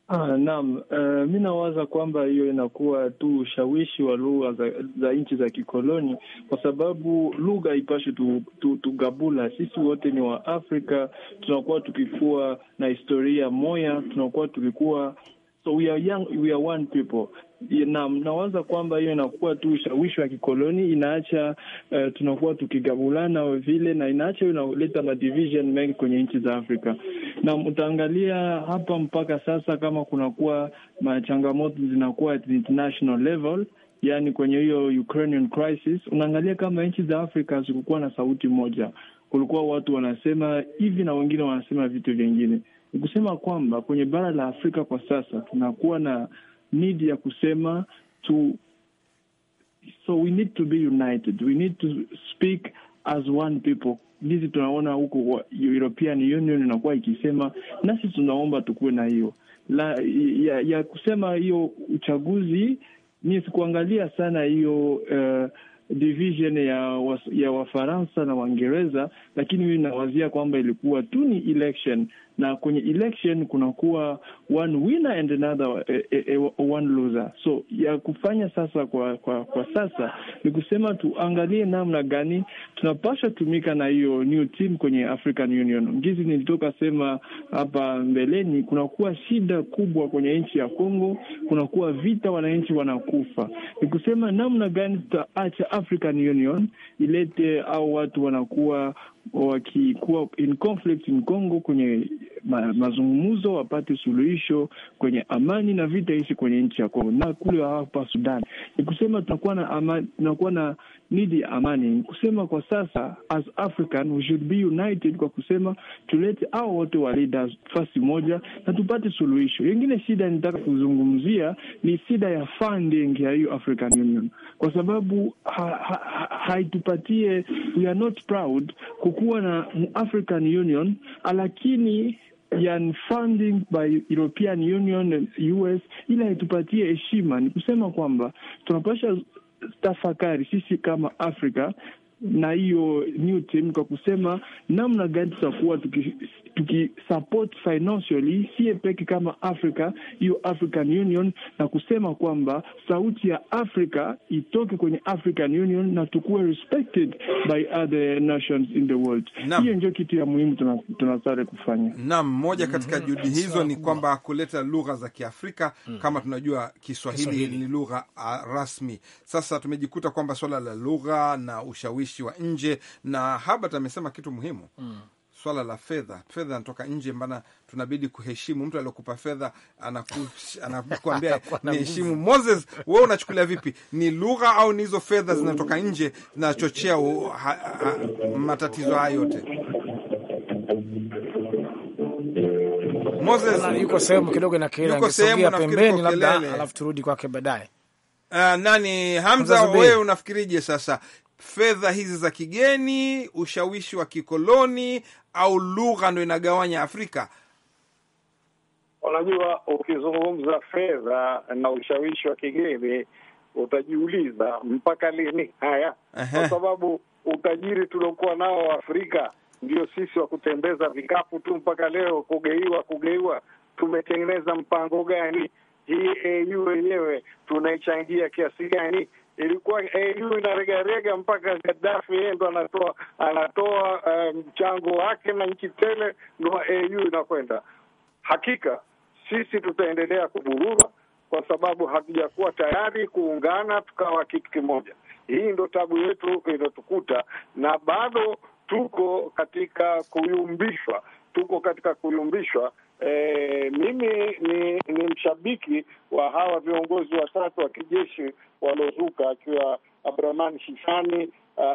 G: Ah, naam. Uh, mi nawaza kwamba hiyo inakuwa tu ushawishi wa lugha za, za nchi za kikoloni, kwa sababu lugha ipashe tugabula tu, tu. Sisi wote ni wa Afrika, tunakuwa tukikuwa na historia moya, tunakuwa tukikuwa so we are young, we are one people na mnawaza kwamba hiyo inakuwa tu ushawishi wa kikoloni, inaacha uh, tunakuwa tukigabulana vile, na inaacha inaleta madivision mengi kwenye nchi za Afrika. Na mtaangalia hapa mpaka sasa kama kunakuwa machangamoto zinakuwa at international level Yani kwenye hiyo Ukrainian crisis unaangalia kama nchi za Afrika zikukuwa na sauti moja, kulikuwa watu wanasema hivi na wengine wanasema vitu vingine ni kusema kwamba kwenye bara la Afrika kwa sasa tunakuwa na need ya kusema tu, so we need to be united, we need to speak as one people. Hizi tunaona huko European Union inakuwa ikisema, nasi tunaomba tukuwe na hiyo la ya, ya kusema hiyo uchaguzi Mi sikuangalia sana hiyo uh, division ya, was, ya Wafaransa na Waingereza, lakini mimi nawazia kwamba ilikuwa tu ni election, na kwenye election kunakuwa one winner and another, a, a, a, one kadhaa. So ya kufanya sasa kwa kwa, kwa sasa ni kusema tuangalie namna gani tunapaswa tumika na hiyo new team kwenye African Union. Ngizi nilitoka sema hapa mbeleni, kunakuwa shida kubwa kwenye nchi ya congo kunakuwa vita, wananchi wanakufa. Ni kusema namna gani tutaacha African Union ilete au watu wanakuwa wakikuwa in conflict in Congo kwenye ma, mazungumzo wapate suluhisho kwenye amani na vita hisi kwenye nchi ya Kongo na kule hapa Sudan, ni kusema tunakuwa na ama, tunakuwa na nidi amani, kusema kwa sasa as African we should be united, kwa kusema tulete hao wote wa leaders fasi moja na tupate suluhisho. Yengine shida nitaka kuzungumzia ni shida ya funding ya hiyo African Union, kwa sababu haitupatie ha, ha, we are not proud kukuwa na African Union lakini yani funding by European Union and US, ila itupatie heshima. Ni kusema kwamba tunapasha tafakari sisi kama Afrika na hiyo new team kwa kusema namna gani tutakuwa tukisupport tuki financially sie peke kama Africa, hiyo African Union, na kusema kwamba sauti ya Africa itoke kwenye African Union na tukuwe respected by other nations in the
B: world. Hiyo ndio kitu ya muhimu tunasare kufanya. Naam, moja mm-hmm. katika juhudi mm -hmm. hizo ni kwamba kuleta lugha za Kiafrika mm. kama tunajua Kiswahili, Kiswahili ni lugha ah, rasmi. Sasa tumejikuta kwamba swala la lugha na ushawishi wawakilishi wa nje, na Habat amesema kitu muhimu mm. Swala la fedha, fedha inatoka nje, mbana tunabidi kuheshimu. Mtu aliokupa fedha anakuambia niheshimu. Moses, wewe unachukulia vipi? Ni lugha au ni hizo fedha zinatoka nje zinachochea matatizo
C: haya yote? Moses yuko sehemu kidogo na kelele, yuko sehemu pembeni, labda alafu turudi kwake baadaye. Uh, nani
B: Hamza, wewe unafikirije sasa fedha hizi za kigeni, ushawishi wa kikoloni au lugha ndo inagawanya Afrika?
A: Unajua, ukizungumza fedha na ushawishi wa kigeni utajiuliza mpaka lini haya, kwa sababu utajiri tuliokuwa nao Afrika ndio sisi wa kutembeza vikapu tu mpaka leo, kugeiwa kugeiwa. Tumetengeneza mpango gani? Hii AU yenyewe tunaichangia kiasi gani? ilikuwa eh, au inaregarega mpaka Gaddafi yeye ndo anatoa anatoa eh, mchango um, wake na nchi tele ndo AU inakwenda. Hakika sisi tutaendelea kuburura kwa sababu hatujakuwa tayari kuungana tukawa kitu kimoja. Hii ndo tabu yetu iliyotukuta, na bado tuko katika kuyumbishwa, tuko katika kuyumbishwa E, mimi ni, ni mshabiki wa hawa viongozi watatu wa kijeshi waliozuka akiwa Abdrahman Shishani,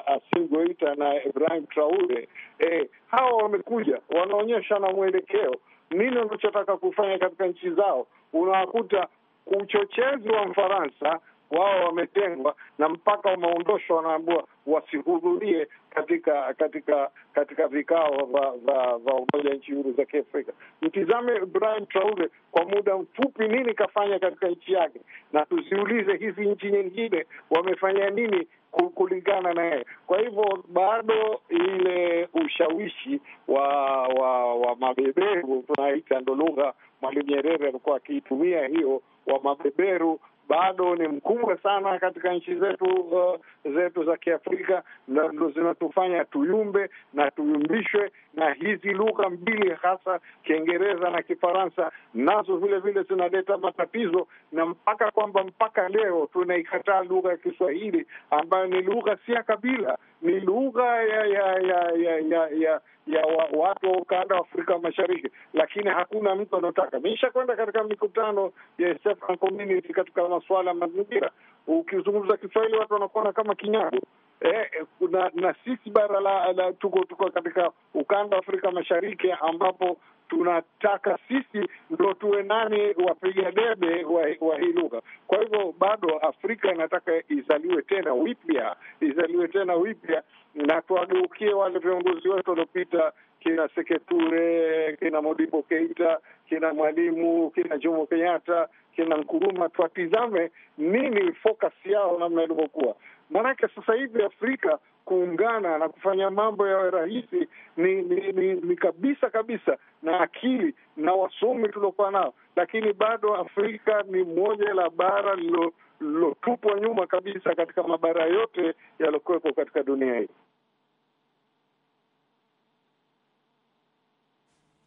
A: Asim Goita na Ibrahim Traore. E, hawa wamekuja wanaonyesha na mwelekeo nini wanachotaka kufanya katika nchi zao. Unawakuta uchochezi wa Mfaransa wao wametengwa na mpaka wameondoshwa, wanaambiwa wasihudhurie katika katika katika vikao vya Umoja nchi huru za Kiafrika. Mtizame Brian Traore kwa muda mfupi, nini kafanya katika nchi yake, na tuziulize hizi nchi nyingine wamefanya nini kulingana na yeye. Kwa hivyo bado ile ushawishi wa wa, wa mabeberu tunaita, ndo lugha Mwalimu Nyerere alikuwa akiitumia hiyo, wa mabeberu bado ni mkubwa sana katika nchi zetu uh, zetu za Kiafrika, ndo zinatufanya tuyumbe na tuyumbishwe na hizi lugha mbili hasa Kiingereza na Kifaransa nazo vile vile zinaleta matatizo, na mpaka kwamba mpaka leo tunaikataa lugha ya Kiswahili ambayo ni lugha si ya kabila, ni lugha ya ya ya ya ya, ya, ya wa, watu wa ukanda wa Afrika Mashariki, lakini hakuna mtu anaotaka. meisha kwenda katika mikutano ya Community katika masuala ya mazingira, ukizungumza Kiswahili watu wanakuona kama kinyago Eh, eh, kuna na sisi bara la, la tuko tuko katika ukanda wa Afrika Mashariki ambapo tunataka sisi ndo tuwe nani wapiga debe wa, wa hii lugha. Kwa hivyo bado Afrika inataka izaliwe tena wipya, izaliwe tena wipya, na tuwageukie wale viongozi wetu waliopita kina Seketure, kina Modibo Keita, kina Mwalimu, kina Jomo Kenyatta, kina Nkuruma, tuwatizame nini focus yao namna ilivyokuwa. Maanake sasa hivi Afrika kuungana na kufanya mambo yawe rahisi ni, ni, ni, ni kabisa kabisa na akili na wasomi tuliokuwa nao, lakini bado Afrika ni moja la bara lililotupwa nyuma kabisa katika mabara yote yaliokuwepo katika dunia hii.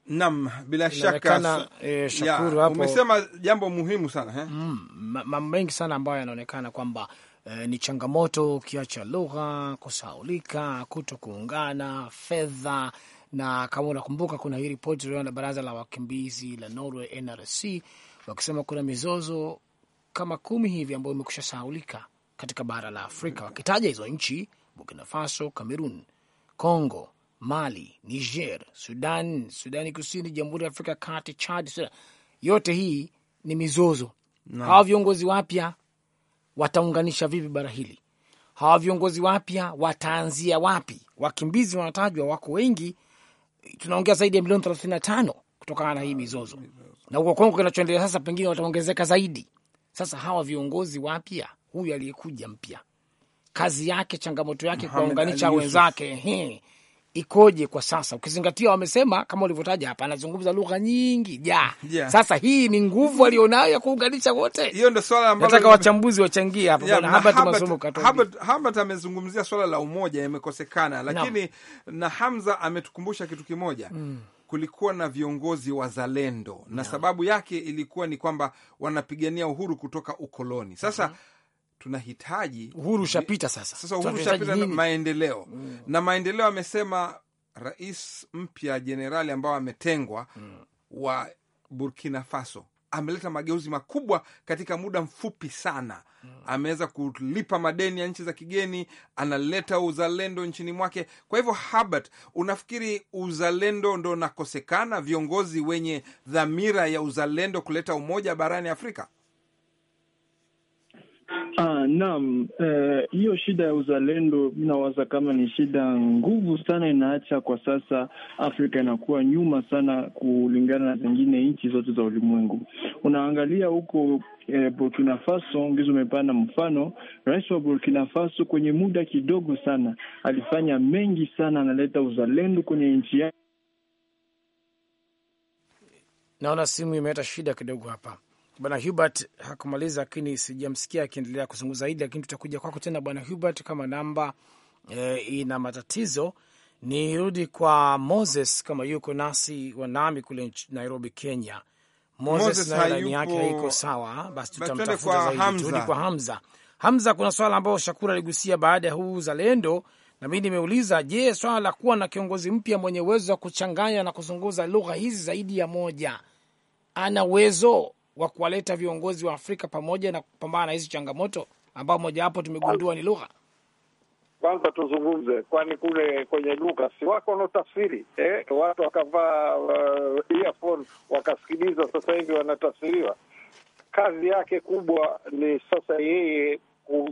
B: Nam, bila shaka e, umesema
C: jambo muhimu sana eh? mm, mambo mengi sana ambayo yanaonekana kwamba e, ni changamoto ukiacha lugha, kusaulika, kuto kuungana, fedha na kama unakumbuka, kuna hii ripoti ilio na baraza la wakimbizi la Norway NRC wakisema kuna mizozo kama kumi hivi ambayo imekusha sahaulika katika bara la Afrika, wakitaja hizo nchi: Burkina Faso, Cameroon, Congo, Mali, Niger, Sudan, Sudani Kusini, Jamhuri ya Afrika Kati, Chad, Yote hii ni mizozo. Hawa viongozi wapya wataunganisha vipi bara hili? Hawa viongozi wapya wataanzia wapi? Wakimbizi wanatajwa wako wengi, tunaongea zaidi ya milioni thelathini na tano kutokana na hii mizozo, na huko Kongo kinachoendelea sasa, pengine wataongezeka zaidi. Sasa hawa viongozi wapya, huyu aliyekuja mpya, kazi yake, changamoto yake, kuwaunganisha wenzake ikoje kwa sasa, ukizingatia wamesema kama ulivyotaja hapa, anazungumza lugha nyingi ja yeah. Sasa hii ni nguvu alionayo ya kuunganisha wote, hiyo ndio swala ambalo nataka wachambuzi wachangie hapa yeah,
B: Habert amezungumzia swala la umoja imekosekana, lakini no. na Hamza ametukumbusha kitu kimoja mm. Kulikuwa na viongozi wazalendo na no. sababu yake ilikuwa ni kwamba wanapigania uhuru kutoka ukoloni. Sasa mm -hmm tunahitaji uhuru ushapita sasa. Sasa uhuru ushapita na maendeleo mm. na maendeleo amesema rais mpya jenerali ambao ametengwa mm. wa Burkina Faso ameleta mageuzi makubwa katika muda mfupi sana mm. ameweza kulipa madeni ya nchi za kigeni, analeta uzalendo nchini mwake. Kwa hivyo, Habert, unafikiri uzalendo ndo unakosekana, viongozi wenye dhamira ya uzalendo kuleta umoja barani Afrika?
G: Ah, naam, eh, hiyo eh, shida ya uzalendo inawaza kama ni shida nguvu sana, inaacha kwa sasa Afrika inakuwa nyuma sana kulingana na zingine nchi zote za ulimwengu. Unaangalia huko eh, Burkina Faso ngizo umepana mfano, rais wa Burkina Faso kwenye muda kidogo sana alifanya mengi sana, analeta uzalendo kwenye nchi yake.
C: Naona simu imeleta shida kidogo hapa. Bwana Hubert hakumaliza, lakini sijamsikia akiendelea kuzungumza zaidi, lakini tutakuja kwako tena Bwana Hubert kama namba e, ina matatizo. Nirudi kwa Moses kama yuko nasi wanami kule Nairobi, Kenya. Moses na laini yake haiko sawa, basi tutamtafuta zaidi. Turudi kwa Hamza. Hamza, kuna swala ambayo Shakura aligusia baada ya huu uzalendo, na mi nimeuliza, je, swala la kuwa na kiongozi mpya mwenye uwezo wa kuchanganya na kuzungumza lugha hizi zaidi ya moja, ana uwezo wa kuwaleta viongozi wa Afrika pamoja na kupambana na hizi changamoto ambao mojawapo tumegundua ni lugha?
A: Kwanza tuzungumze, kwani kule kwenye lugha si wako wanaotafsiri eh? Watu wakavaa uh, earphone wakasikiliza, sasa hivi wanatafsiriwa. Kazi yake kubwa ni sasa yeye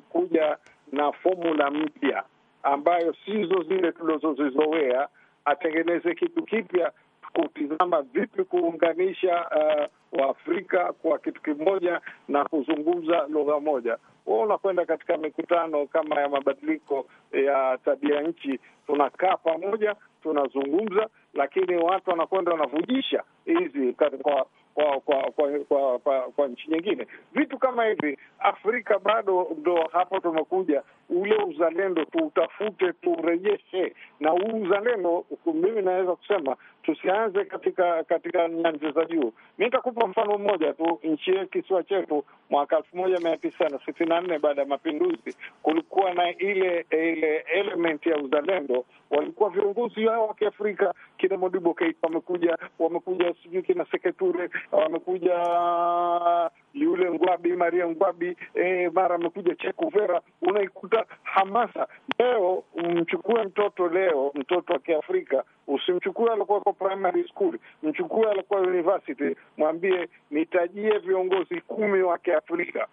A: kuja na fomula mpya ambayo sizo zile tulizozizoea, atengeneze kitu kipya kutizama vipi kuunganisha uh, Waafrika kwa kitu kimoja na kuzungumza lugha moja. Huwa unakwenda katika mikutano kama ya mabadiliko ya tabia nchi, tunakaa pamoja, tunazungumza, lakini watu wanakwenda wanavujisha hizi kwa kwa kwa kwa, kwa, kwa, kwa nchi nyingine, vitu kama hivi. Afrika bado ndo hapo tumekuja, ule uzalendo tuutafute, tuurejeshe. Na huu uzalendo, mimi naweza kusema tusianze katika katika nyanja za juu. Mi nitakupa mfano mmoja tu, nchi yetu, kisiwa chetu, mwaka elfu moja mia tisa na sitini na nne baada ya mapinduzi, kulikuwa na ile ile element ya uzalendo. Walikuwa viongozi hao wa Kiafrika, kina Modibo Keita wamekuja, wamekuja sijui kina Seketure wamekuja ah, yule Ngwabi Maria Ngwabi e, mara amekuja Chekuvera, unaikuta hamasa leo. Mchukue mtoto leo, mtoto wa Kiafrika Usimchukue alikuwa kwa primary school, mchukue alikuwa university, mwambie nitajie viongozi kumi wa Kiafrika.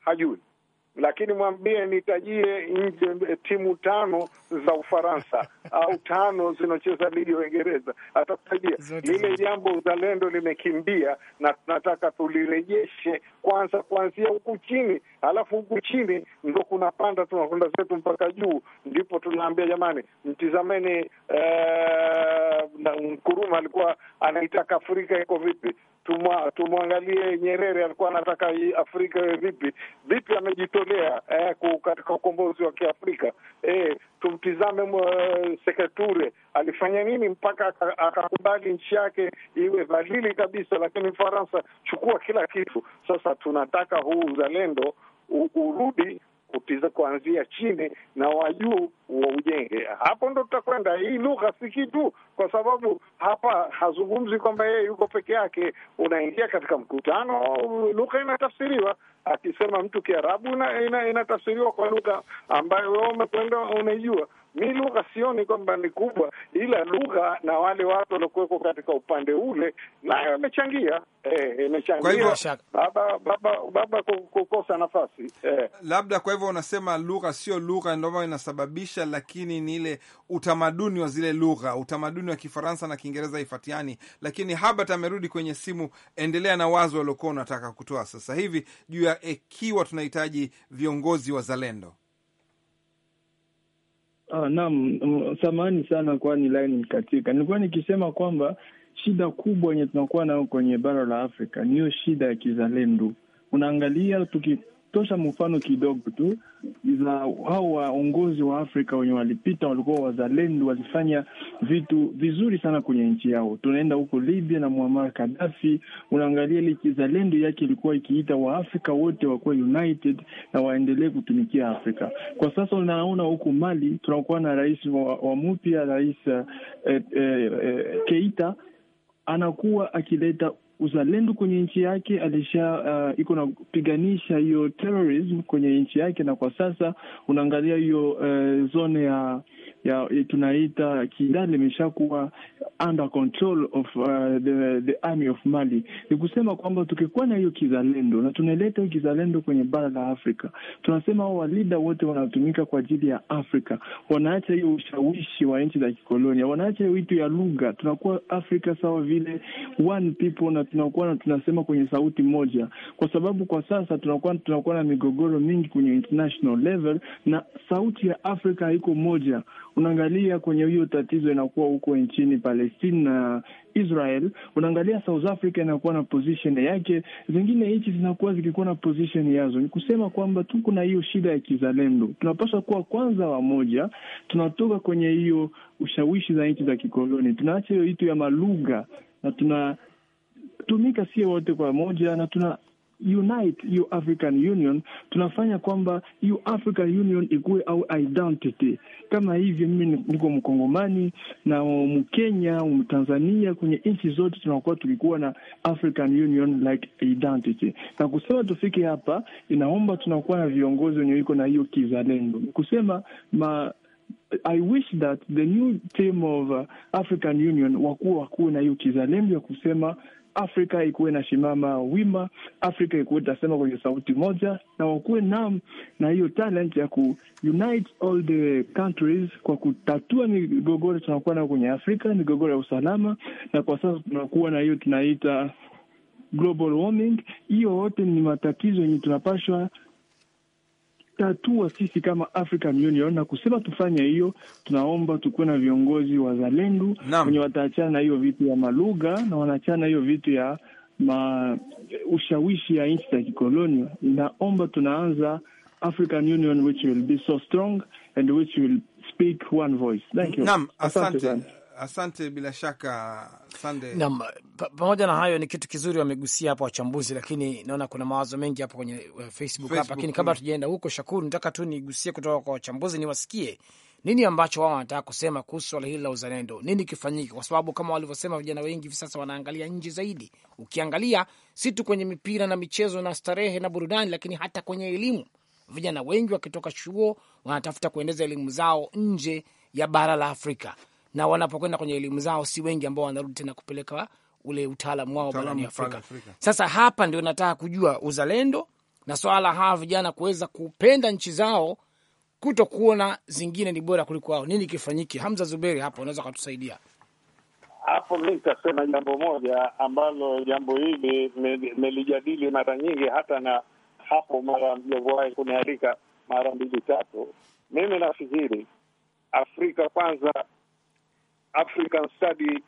A: Hajui lakini mwambie nitajie nje eh, timu tano za Ufaransa au tano zinaocheza ligi ya Uingereza, atakusaidia. Lile jambo uzalendo limekimbia, na tunataka tulirejeshe kwanza, kuanzia huku chini, alafu huku chini ndo kunapanda, tunakwenda zetu mpaka juu. Ndipo tunaambia jamani, mtizameni. Uh, eh, Nkuruma alikuwa anaitaka Afrika iko vipi? tumwangalie Nyerere alikuwa anataka Afrika iwe vipi vipi, amejitolea eh, katika ukombozi wa Kiafrika eh, tumtizame Seketure alifanya nini mpaka akakubali nchi yake iwe dhalili kabisa, lakini Faransa chukua kila kitu. Sasa tunataka huu uzalendo urudi kupiza kuanzia chini na wajuu wa ujenge. Hapo ndo tutakwenda. Hii lugha si kitu kwa sababu hapa hazungumzi kwamba yeye yuko peke yake. Unaingia katika mkutano, lugha inatafsiriwa. Akisema mtu Kiarabu inatafsiriwa ina, ina kwa lugha ambayo wewe umekwenda unaijua mi lugha, sioni kwamba ni kubwa, ila lugha na wale watu waliokuweko katika upande ule nayo imechangia, eh, imechangia eh, baba baba baba kukosa nafasi eh.
B: Labda kwa hivyo unasema lugha sio lugha ndio inasababisha, lakini ni ile utamaduni wa zile lugha, utamaduni wa Kifaransa na Kiingereza haifatiani. Lakini Habat amerudi kwenye simu, endelea na wazo waliokuwa unataka kutoa sasa hivi juu ya ikiwa eh, tunahitaji viongozi wazalendo.
G: Ah, naam, mm, samahani sana kwani laini nikatika. Nilikuwa nikisema kwamba shida kubwa yenye tunakuwa nayo kwenye bara la Afrika ni hiyo shida ya kizalendo. Unaangalia tukitosha mfano kidogo tu za hao waongozi wa Afrika wenye walipita walikuwa wazalendo, walifanya vitu vizuri sana kwenye nchi yao. Tunaenda huko Libya na Muammar Gaddafi, unaangalia ile kizalendo yake ilikuwa ikiita Waafrika wote wakuwa united na waendelee kutumikia Afrika. Kwa sasa unaona huku Mali tunakuwa na rais wa, wa mpya rais eh, eh, eh, Keita anakuwa akileta uzalendo kwenye nchi yake alisha uh, iko napiganisha hiyo terrorism kwenye nchi yake, na kwa sasa unaangalia hiyo uh, zone ya ya tunaita Kidal imeshakuwa under control of uh, the, the army of Mali. Ni kusema kwamba tukikuwa na hiyo kizalendo na tunaleta hiyo kizalendo kwenye bara la Afrika, tunasema hao walida wote wanatumika kwa ajili ya Afrika, wanaacha hiyo ushawishi wa nchi za kikolonia, wanaacha hiyo itu ya lugha, tunakuwa Afrika sawa vile one people na tunakuwa tunasema kwenye sauti moja, kwa sababu kwa sasa tunakuwa tunakuwa na migogoro mingi kwenye international level, na sauti ya Afrika haiko moja. Unaangalia kwenye hiyo tatizo inakuwa huko nchini Palestina na Israel, unaangalia South Africa inakuwa na position yake, zingine nchi zinakuwa zikikuwa na position yazo. Ni kusema kwamba tu kuna hiyo shida ya kizalendo, tunapaswa kuwa kwanza wamoja, tunatoka kwenye hiyo ushawishi za nchi za kikoloni, tunaacha hiyo itu ya malugha na tuna tunatumika sio wote kwa moja, na tuna unite hiyo African Union, tunafanya kwamba hiyo African Union ikuwe au identity. Kama hivyo, mimi niko Mkongomani na Mkenya, Mtanzania, kwenye nchi zote tunakuwa tulikuwa na African Union like identity, na kusema tufike hapa, inaomba tunakuwa na viongozi wenye iko na hiyo kizalendo, kusema ma I wish that the new team of African Union wakuwa wakuwe na hiyo kizalendo ya kusema Afrika ikuwe na shimama wima, Afrika ikuwe tasema kwenye sauti moja, na wakuwe nam na hiyo talent ya ku unite all the countries kwa kutatua migogoro tunakuwa nayo kwenye Afrika, migogoro ya usalama, na kwa sasa tunakuwa na hiyo tunaita global warming. Hiyo wote ni matatizo yenye tunapashwa hatua sisi kama African Union na kusema tufanye hiyo, tunaomba tukuwe na viongozi wazalendu wenye wataachana na hiyo vitu ya malugha na wanaachana na hiyo vitu ya ma ushawishi ya nchi za kikoloni. Naomba tunaanza African Union which will be so strong and which will speak one voice. Thank you. Naam, asante.
C: Asante bila shaka Sande. Naam, pamoja na hayo ni kitu kizuri wamegusia hapa wachambuzi, lakini naona kuna mawazo mengi hapa kwenye Facebook, uh, Facebook hapa, lakini kabla mm. tujaenda huko, Shakuru, nataka tu nigusie kutoka kwa wachambuzi niwasikie nini ambacho wao wanataka kusema kuhusu swala hili la uzalendo, nini kifanyike? Kwa sababu kama walivyosema vijana wengi hivi sasa wanaangalia nje zaidi, ukiangalia si tu kwenye mipira na michezo na starehe na burudani, lakini hata kwenye elimu, vijana wengi wakitoka chuo wanatafuta kuendeza elimu zao nje ya bara la Afrika na wanapokwenda kwenye elimu zao, si wengi ambao wanarudi tena kupeleka ule utaalamu wao barani Afrika. Afrika. Sasa hapa ndio nataka kujua uzalendo na swala hawa vijana kuweza kupenda nchi zao kuto kuona zingine ni bora kuliko wao. Nini kifanyike? Hamza Zuberi, hapo unaweza ukatusaidia
A: hapo. Mi nitasema jambo moja ambalo jambo hili melijadili me mara nyingi, hata na hapo mara mlivyowahi kunialika mara mbili tatu. Mimi nafikiri Afrika kwanza African Study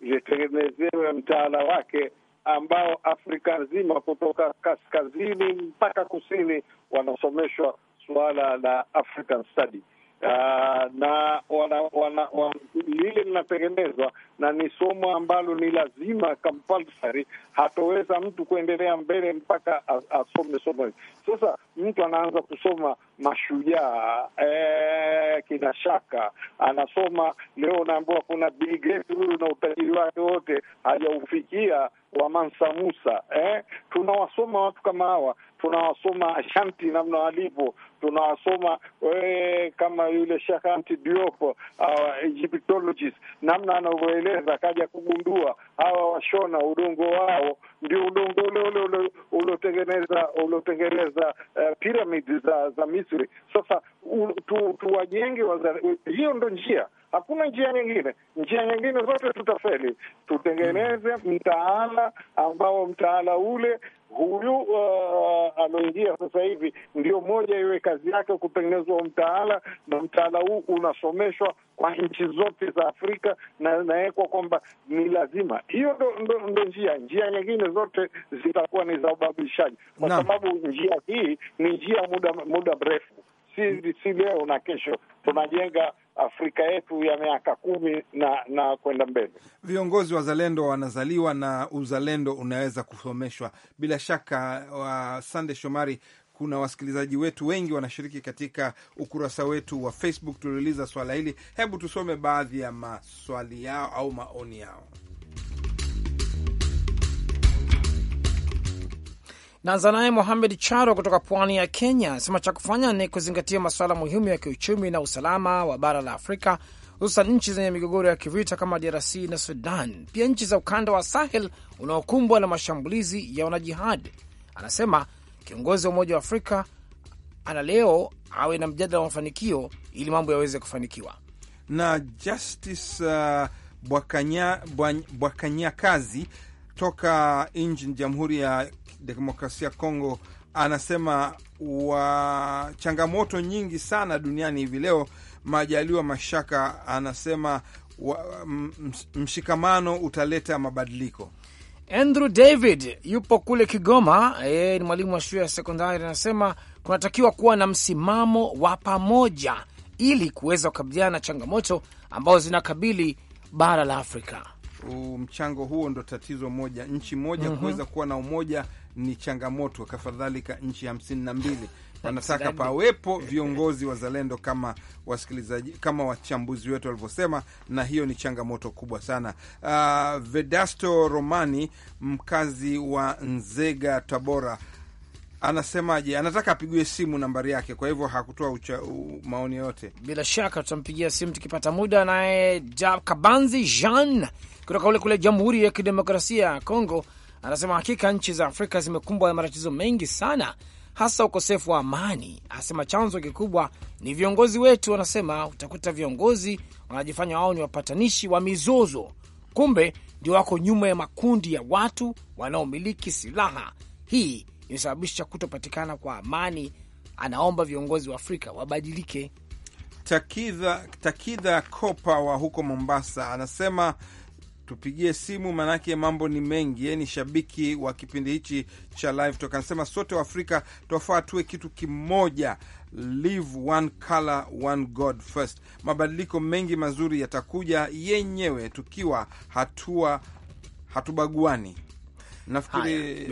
A: ilitengenezewe mtaala wake ambao Afrika nzima kutoka kaskazini mpaka kusini wanasomeshwa suala la African Study. Uh, na wana, wana, wana, lile linatekelezwa na ni somo ambalo ni lazima compulsory. Hatoweza mtu kuendelea mbele mpaka asome somo hili. Sasa mtu anaanza kusoma mashujaa ee, kina shaka anasoma leo, naambiwa kuna Bill Gates huyu na utajiri wake wote hajaufikia wa Mansa Musa eh? Tunawasoma watu kama hawa tunawasoma Ashanti namna walivyo, tunawasoma eh, kama yule Sheikh Anti Diop uh, Egyptologist namna anavyoeleza, akaja kugundua hawa Washona udongo wao ndio udongo ule ule uliotengeneza uliotengeneza uh, eh, piramidi za za Misri. Sasa tuwajenge tu, hiyo ndo njia Hakuna njia nyingine. Njia nyingine zote tutafeli. Tutengeneze mtaala ambao mtaala ule huyu uh, aloingia sasa hivi ndio moja iwe kazi yake kutengenezwa mtaala, na mtaala huu unasomeshwa kwa nchi zote za Afrika na inawekwa kwamba ni lazima hiyo. Ndo, ndo njia njia nyingine zote zitakuwa ni za ubabilishaji kwa sababu njia hii ni njia muda muda mrefu, si, si leo na kesho tunajenga Afrika yetu ya miaka kumi na na kwenda mbele.
B: Viongozi wazalendo wanazaliwa na uzalendo unaweza kusomeshwa bila shaka. wa Sande Shomari, kuna wasikilizaji wetu wengi wanashiriki katika ukurasa wetu wa Facebook. Tuliuliza swala hili, hebu tusome baadhi ya maswali yao au maoni yao.
C: Naanza naye Mohamed Charo kutoka pwani ya Kenya anasema cha kufanya ni kuzingatia masuala muhimu ya kiuchumi na usalama wa bara la Afrika, hususan nchi zenye migogoro ya kivita kama DRC na Sudan, pia nchi za ukanda wa Sahel unaokumbwa na mashambulizi ya wanajihad Anasema kiongozi wa Umoja wa Afrika ana leo awe na mjadala wa mafanikio ili mambo yaweze kufanikiwa. Na Justice uh,
B: Bwakanyakazi toka nchi Jamhuri ya Demokrasia Kongo anasema wa changamoto nyingi sana duniani hivi leo. Majaliwa Mashaka anasema wa,
C: mshikamano utaleta mabadiliko. Andrew David yupo kule Kigoma, yeye ni mwalimu wa shule ya sekondari, anasema kunatakiwa kuwa na msimamo wa pamoja ili kuweza kukabiliana na changamoto ambazo zinakabili bara la Afrika.
B: Mchango huo ndo tatizo moja, nchi moja mm -hmm. kuweza kuwa na umoja ni changamoto. Kafadhalika nchi hamsini na mbili wanataka pawepo viongozi wazalendo kama wasikilizaji, kama wachambuzi wetu walivyosema, na hiyo ni changamoto kubwa sana. Uh, Vedasto Romani mkazi wa Nzega, Tabora anasemaje? Anataka apigiwe simu nambari yake, kwa hivyo hakutoa
C: maoni yote. Bila shaka tutampigia simu tukipata muda. Naye Kabanzi Jean kutoka ule kule Jamhuri ya Kidemokrasia ya Kongo anasema hakika nchi za Afrika zimekumbwa na matatizo mengi sana, hasa ukosefu wa amani. Anasema chanzo kikubwa ni viongozi wetu. Anasema utakuta viongozi wanajifanya wao ni wapatanishi wa mizozo, kumbe ndio wako nyuma ya makundi ya watu wanaomiliki silaha. Hii imesababisha kutopatikana kwa amani. Anaomba viongozi wa Afrika wabadilike. Takidha, Takidha Kopa wa huko Mombasa
B: anasema tupigie simu, maanake mambo ni mengi. Yeye ni shabiki wa kipindi hichi cha live talk, anasema sote wa Afrika twafaa tuwe kitu kimoja, live one color, one God first. Mabadiliko mengi mazuri yatakuja yenyewe tukiwa hatua hatubaguani. Nafikiri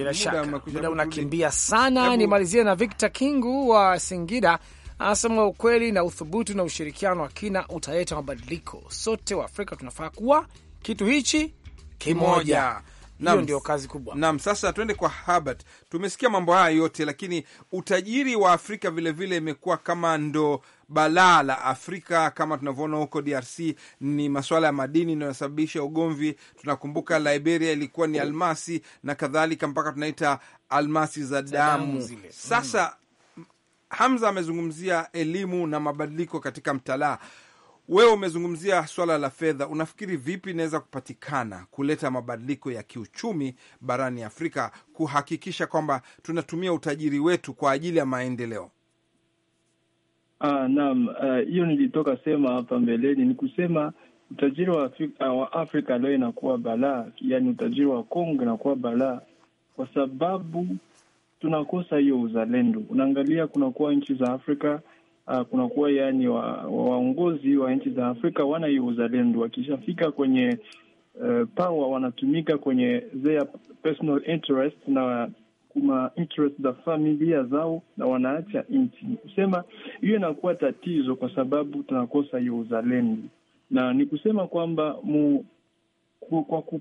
B: muda
C: unakimbia sana, nimalizie na Victor Kingu wa Singida anasema ukweli na uthubutu na ushirikiano wa kina utaleta mabadiliko. Sote wa Afrika tunafaa kuwa kitu hichi
B: kimoja. Hiyo ndio kazi
C: kubwa. Naam, sasa tuende kwa
B: Herbert. Tumesikia mambo haya yote lakini utajiri wa Afrika vilevile imekuwa vile kama ndo balaa la Afrika kama tunavyoona huko DRC ni masuala ya madini inayosababisha ugomvi. Tunakumbuka Liberia ilikuwa ni oh. almasi na kadhalika, mpaka tunaita almasi za damu. Mm. Sasa Hamza amezungumzia elimu na mabadiliko katika mtalaa. Wewe umezungumzia swala la fedha, unafikiri vipi inaweza kupatikana kuleta mabadiliko ya kiuchumi barani Afrika, kuhakikisha kwamba tunatumia utajiri wetu kwa ajili ya maendeleo? Ah, naam, ah, hiyo uh, nilitoka sema hapa mbeleni ni kusema utajiri wa Afrika,
G: ah, wa Afrika leo inakuwa balaa, yani utajiri wa Kongo inakuwa balaa kwa sababu tunakosa hiyo uzalendo. Unaangalia kunakuwa nchi za Afrika uh, kunakuwa yani waongozi wa, wa nchi za Afrika wana hiyo uzalendo, wakishafika kwenye uh, power wanatumika kwenye their personal interest na kuma interest za familia zao na wanaacha nchi. Kusema hiyo inakuwa tatizo, kwa sababu tunakosa hiyo uzalendo, na ni kusema kwamba mu, ku, kwa ku,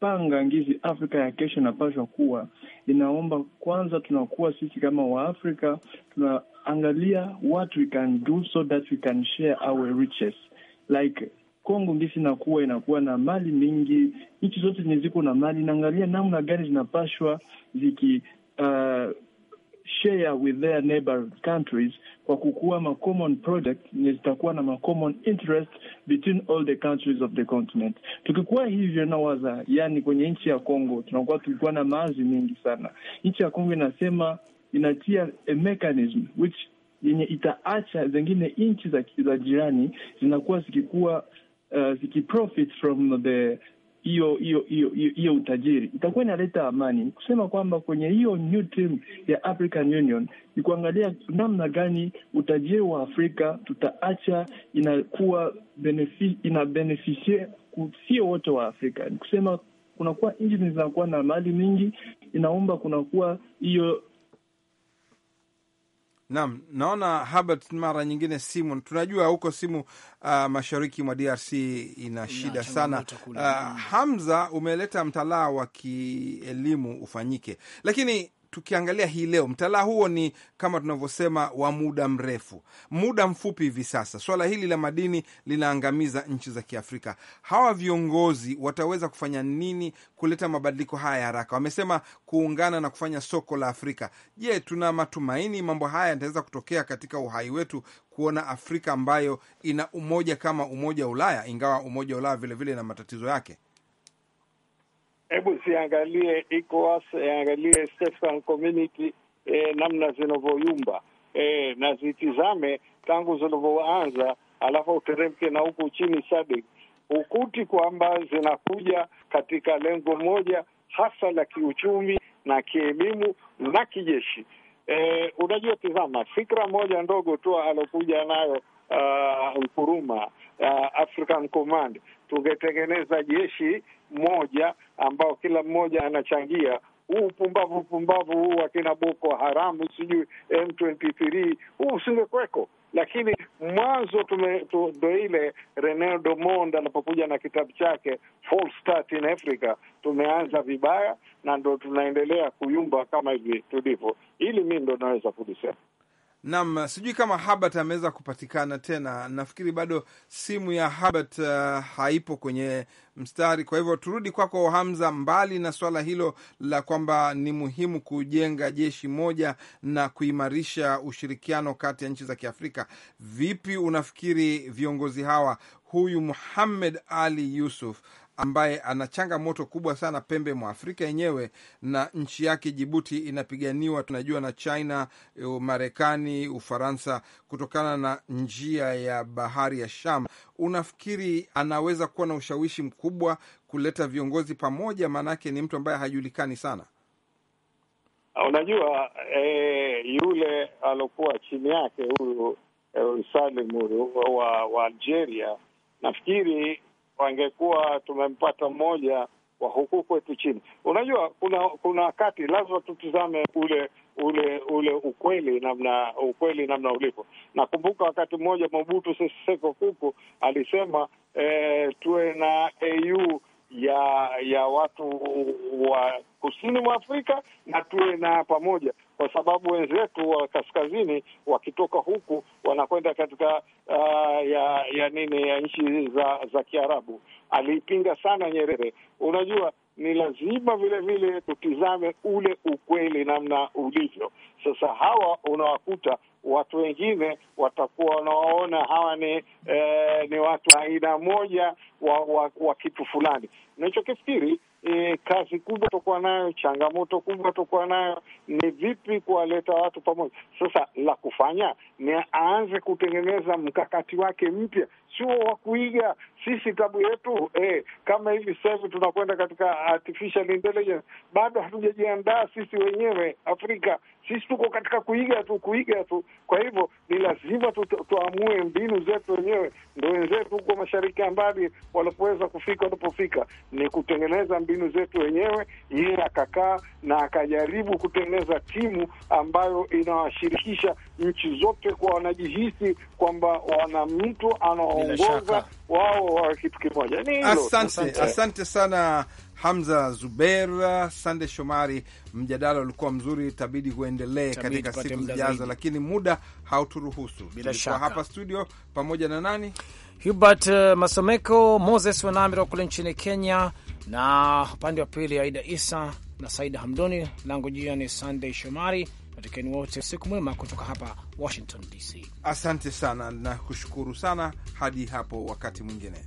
G: panga ngizi Afrika ya kesho inapashwa kuwa inaomba kwanza, tunakuwa sisi kama Waafrika tuna angalia what we can do so that we can share our riches like Kongo ngisi inakuwa inakuwa na mali mingi, nchi zote zenye ziko na mali, naangalia namna gani zinapashwa ziki uh, share with their neighbor countries kwa kukuwa ma common project zenye zitakuwa na ma common interest between all the countries of the continent. Tukikuwa hivyo nawaza, yani kwenye nchi ya Kongo tunakuwa tulikuwa na maazi mingi sana. Nchi ya Kongo inasema inatia a mechanism which yenye itaacha zingine nchi za, za jirani zinakuwa zikikuwa uh, zikiprofit from the hiyo hiyo hiyo utajiri itakuwa inaleta amani. Kusema kwamba kwenye hiyo new team ya African Union ni kuangalia namna gani utajiri wa Afrika tutaacha inakuwa benefi, ina benefisie sio wote wa Afrika. Ni kusema kunakuwa nchi zinakuwa na mali mingi, inaomba
B: kunakuwa hiyo Naam, naona Habert, mara nyingine simu, tunajua huko simu, uh, mashariki mwa DRC ina shida sana. Uh, Hamza, umeleta mtalaa wa kielimu ufanyike, lakini tukiangalia hii leo, mtaala huo ni kama tunavyosema wa muda mrefu, muda mfupi hivi sasa. Swala hili la madini linaangamiza nchi za Kiafrika. Hawa viongozi wataweza kufanya nini kuleta mabadiliko haya ya haraka? Wamesema kuungana na kufanya soko la Afrika. Je, tuna matumaini mambo haya yataweza kutokea katika uhai wetu, kuona Afrika ambayo ina umoja kama Umoja wa Ulaya, ingawa Umoja wa Ulaya vilevile na matatizo yake?
A: hebu siangalie ECOWAS, angalie Stefan Community e, namna zinavyoyumba e, na zitizame tangu zilivyoanza, alafu uteremke na huku chini SADC ukuti kwamba zinakuja katika lengo moja hasa la kiuchumi na kielimu na kijeshi. E, unajua, tizama fikra moja ndogo tu alokuja nayo Uh, Nkuruma, uh, uh, African Command, tungetengeneza jeshi moja ambao kila mmoja anachangia huu upumbavu upumbavu huu wakina Boko Haramu sijui M23 huu usingekweko, lakini mwanzo ndo ile Rene Dumond anapokuja na kitabu chake False Start in Africa, tumeanza vibaya na ndo tunaendelea kuyumba kama hivi tulivyo. Hili mi ndo naweza kulisema.
B: Nam, sijui kama Habert ameweza kupatikana tena. Nafikiri bado simu ya Habert uh, haipo kwenye mstari. Kwa hivyo turudi kwako kwa Hamza. Mbali na swala hilo la kwamba ni muhimu kujenga jeshi moja na kuimarisha ushirikiano kati ya nchi za Kiafrika, vipi unafikiri viongozi hawa, huyu Muhammed Ali Yusuf ambaye ana changamoto kubwa sana pembe mwa Afrika yenyewe na nchi yake Jibuti inapiganiwa, tunajua na China, e, Marekani, Ufaransa kutokana na njia ya bahari ya Sham. Unafikiri anaweza kuwa na ushawishi mkubwa kuleta viongozi pamoja? Maanake ni mtu ambaye hajulikani sana.
A: Ah, unajua e, yule alokuwa chini yake huyu e, Salim wa, wa Algeria nafikiri wangekuwa tumempata mmoja wa huku kwetu chini. Unajua, kuna kuna wakati lazima tutizame ule ule ule ukweli namna ukweli namna ulipo. Nakumbuka wakati mmoja Mobutu Sese Seko Kuku alisema eh, tuwe na AU ya ya watu wa kusini mwa Afrika na tuwe na pamoja, kwa sababu wenzetu wa kaskazini wakitoka huku wanakwenda katika uh, ya ya nini ya nchi za za Kiarabu. Aliipinga sana Nyerere. Unajua, ni lazima vile vile tutizame ule ukweli namna ulivyo. Sasa hawa unawakuta watu wengine watakuwa wanawaona hawa ni eh, ni watu aina moja wa, wa, wa kitu fulani. Nachokifikiri eh, kazi kubwa tokuwa nayo, changamoto kubwa tokuwa nayo ni vipi kuwaleta watu pamoja. Sasa la kufanya ni aanze kutengeneza mkakati wake mpya chuo wa kuiga sisi tabu yetu eh, kama hivi sasa hivi tunakwenda katika artificial intelligence, bado hatujajiandaa sisi wenyewe Afrika. Sisi tuko katika kuiga tu, kuiga tu. Kwa hivyo ni lazima tu, tu, tuamue mbinu zetu wenyewe, ndo wenzetu huko mashariki ya mbali walipoweza kufika walipofika, ni kutengeneza mbinu zetu wenyewe. Yeye akakaa na akajaribu kutengeneza timu ambayo inawashirikisha nchi zote, kwa wanajihisi kwamba wana mtu ana wanaongoza wao wa kitu kimoja. Ni hilo. Asante, asante
B: sana Hamza Zuber, Sande Shomari, mjadala ulikuwa mzuri, itabidi huendelee katika siku zijazo, lakini muda hauturuhusu. Tulikuwa
C: hapa studio pamoja na nani, Hubert uh, Masomeko, Moses Wanamira kule nchini Kenya, na upande wa pili Aida Isa na Saida Hamdoni. Langu jina ni Sandey Shomari. Natakieni wote usiku mwema kutoka hapa Washington DC.
B: Asante sana na kushukuru sana, hadi hapo wakati mwingine.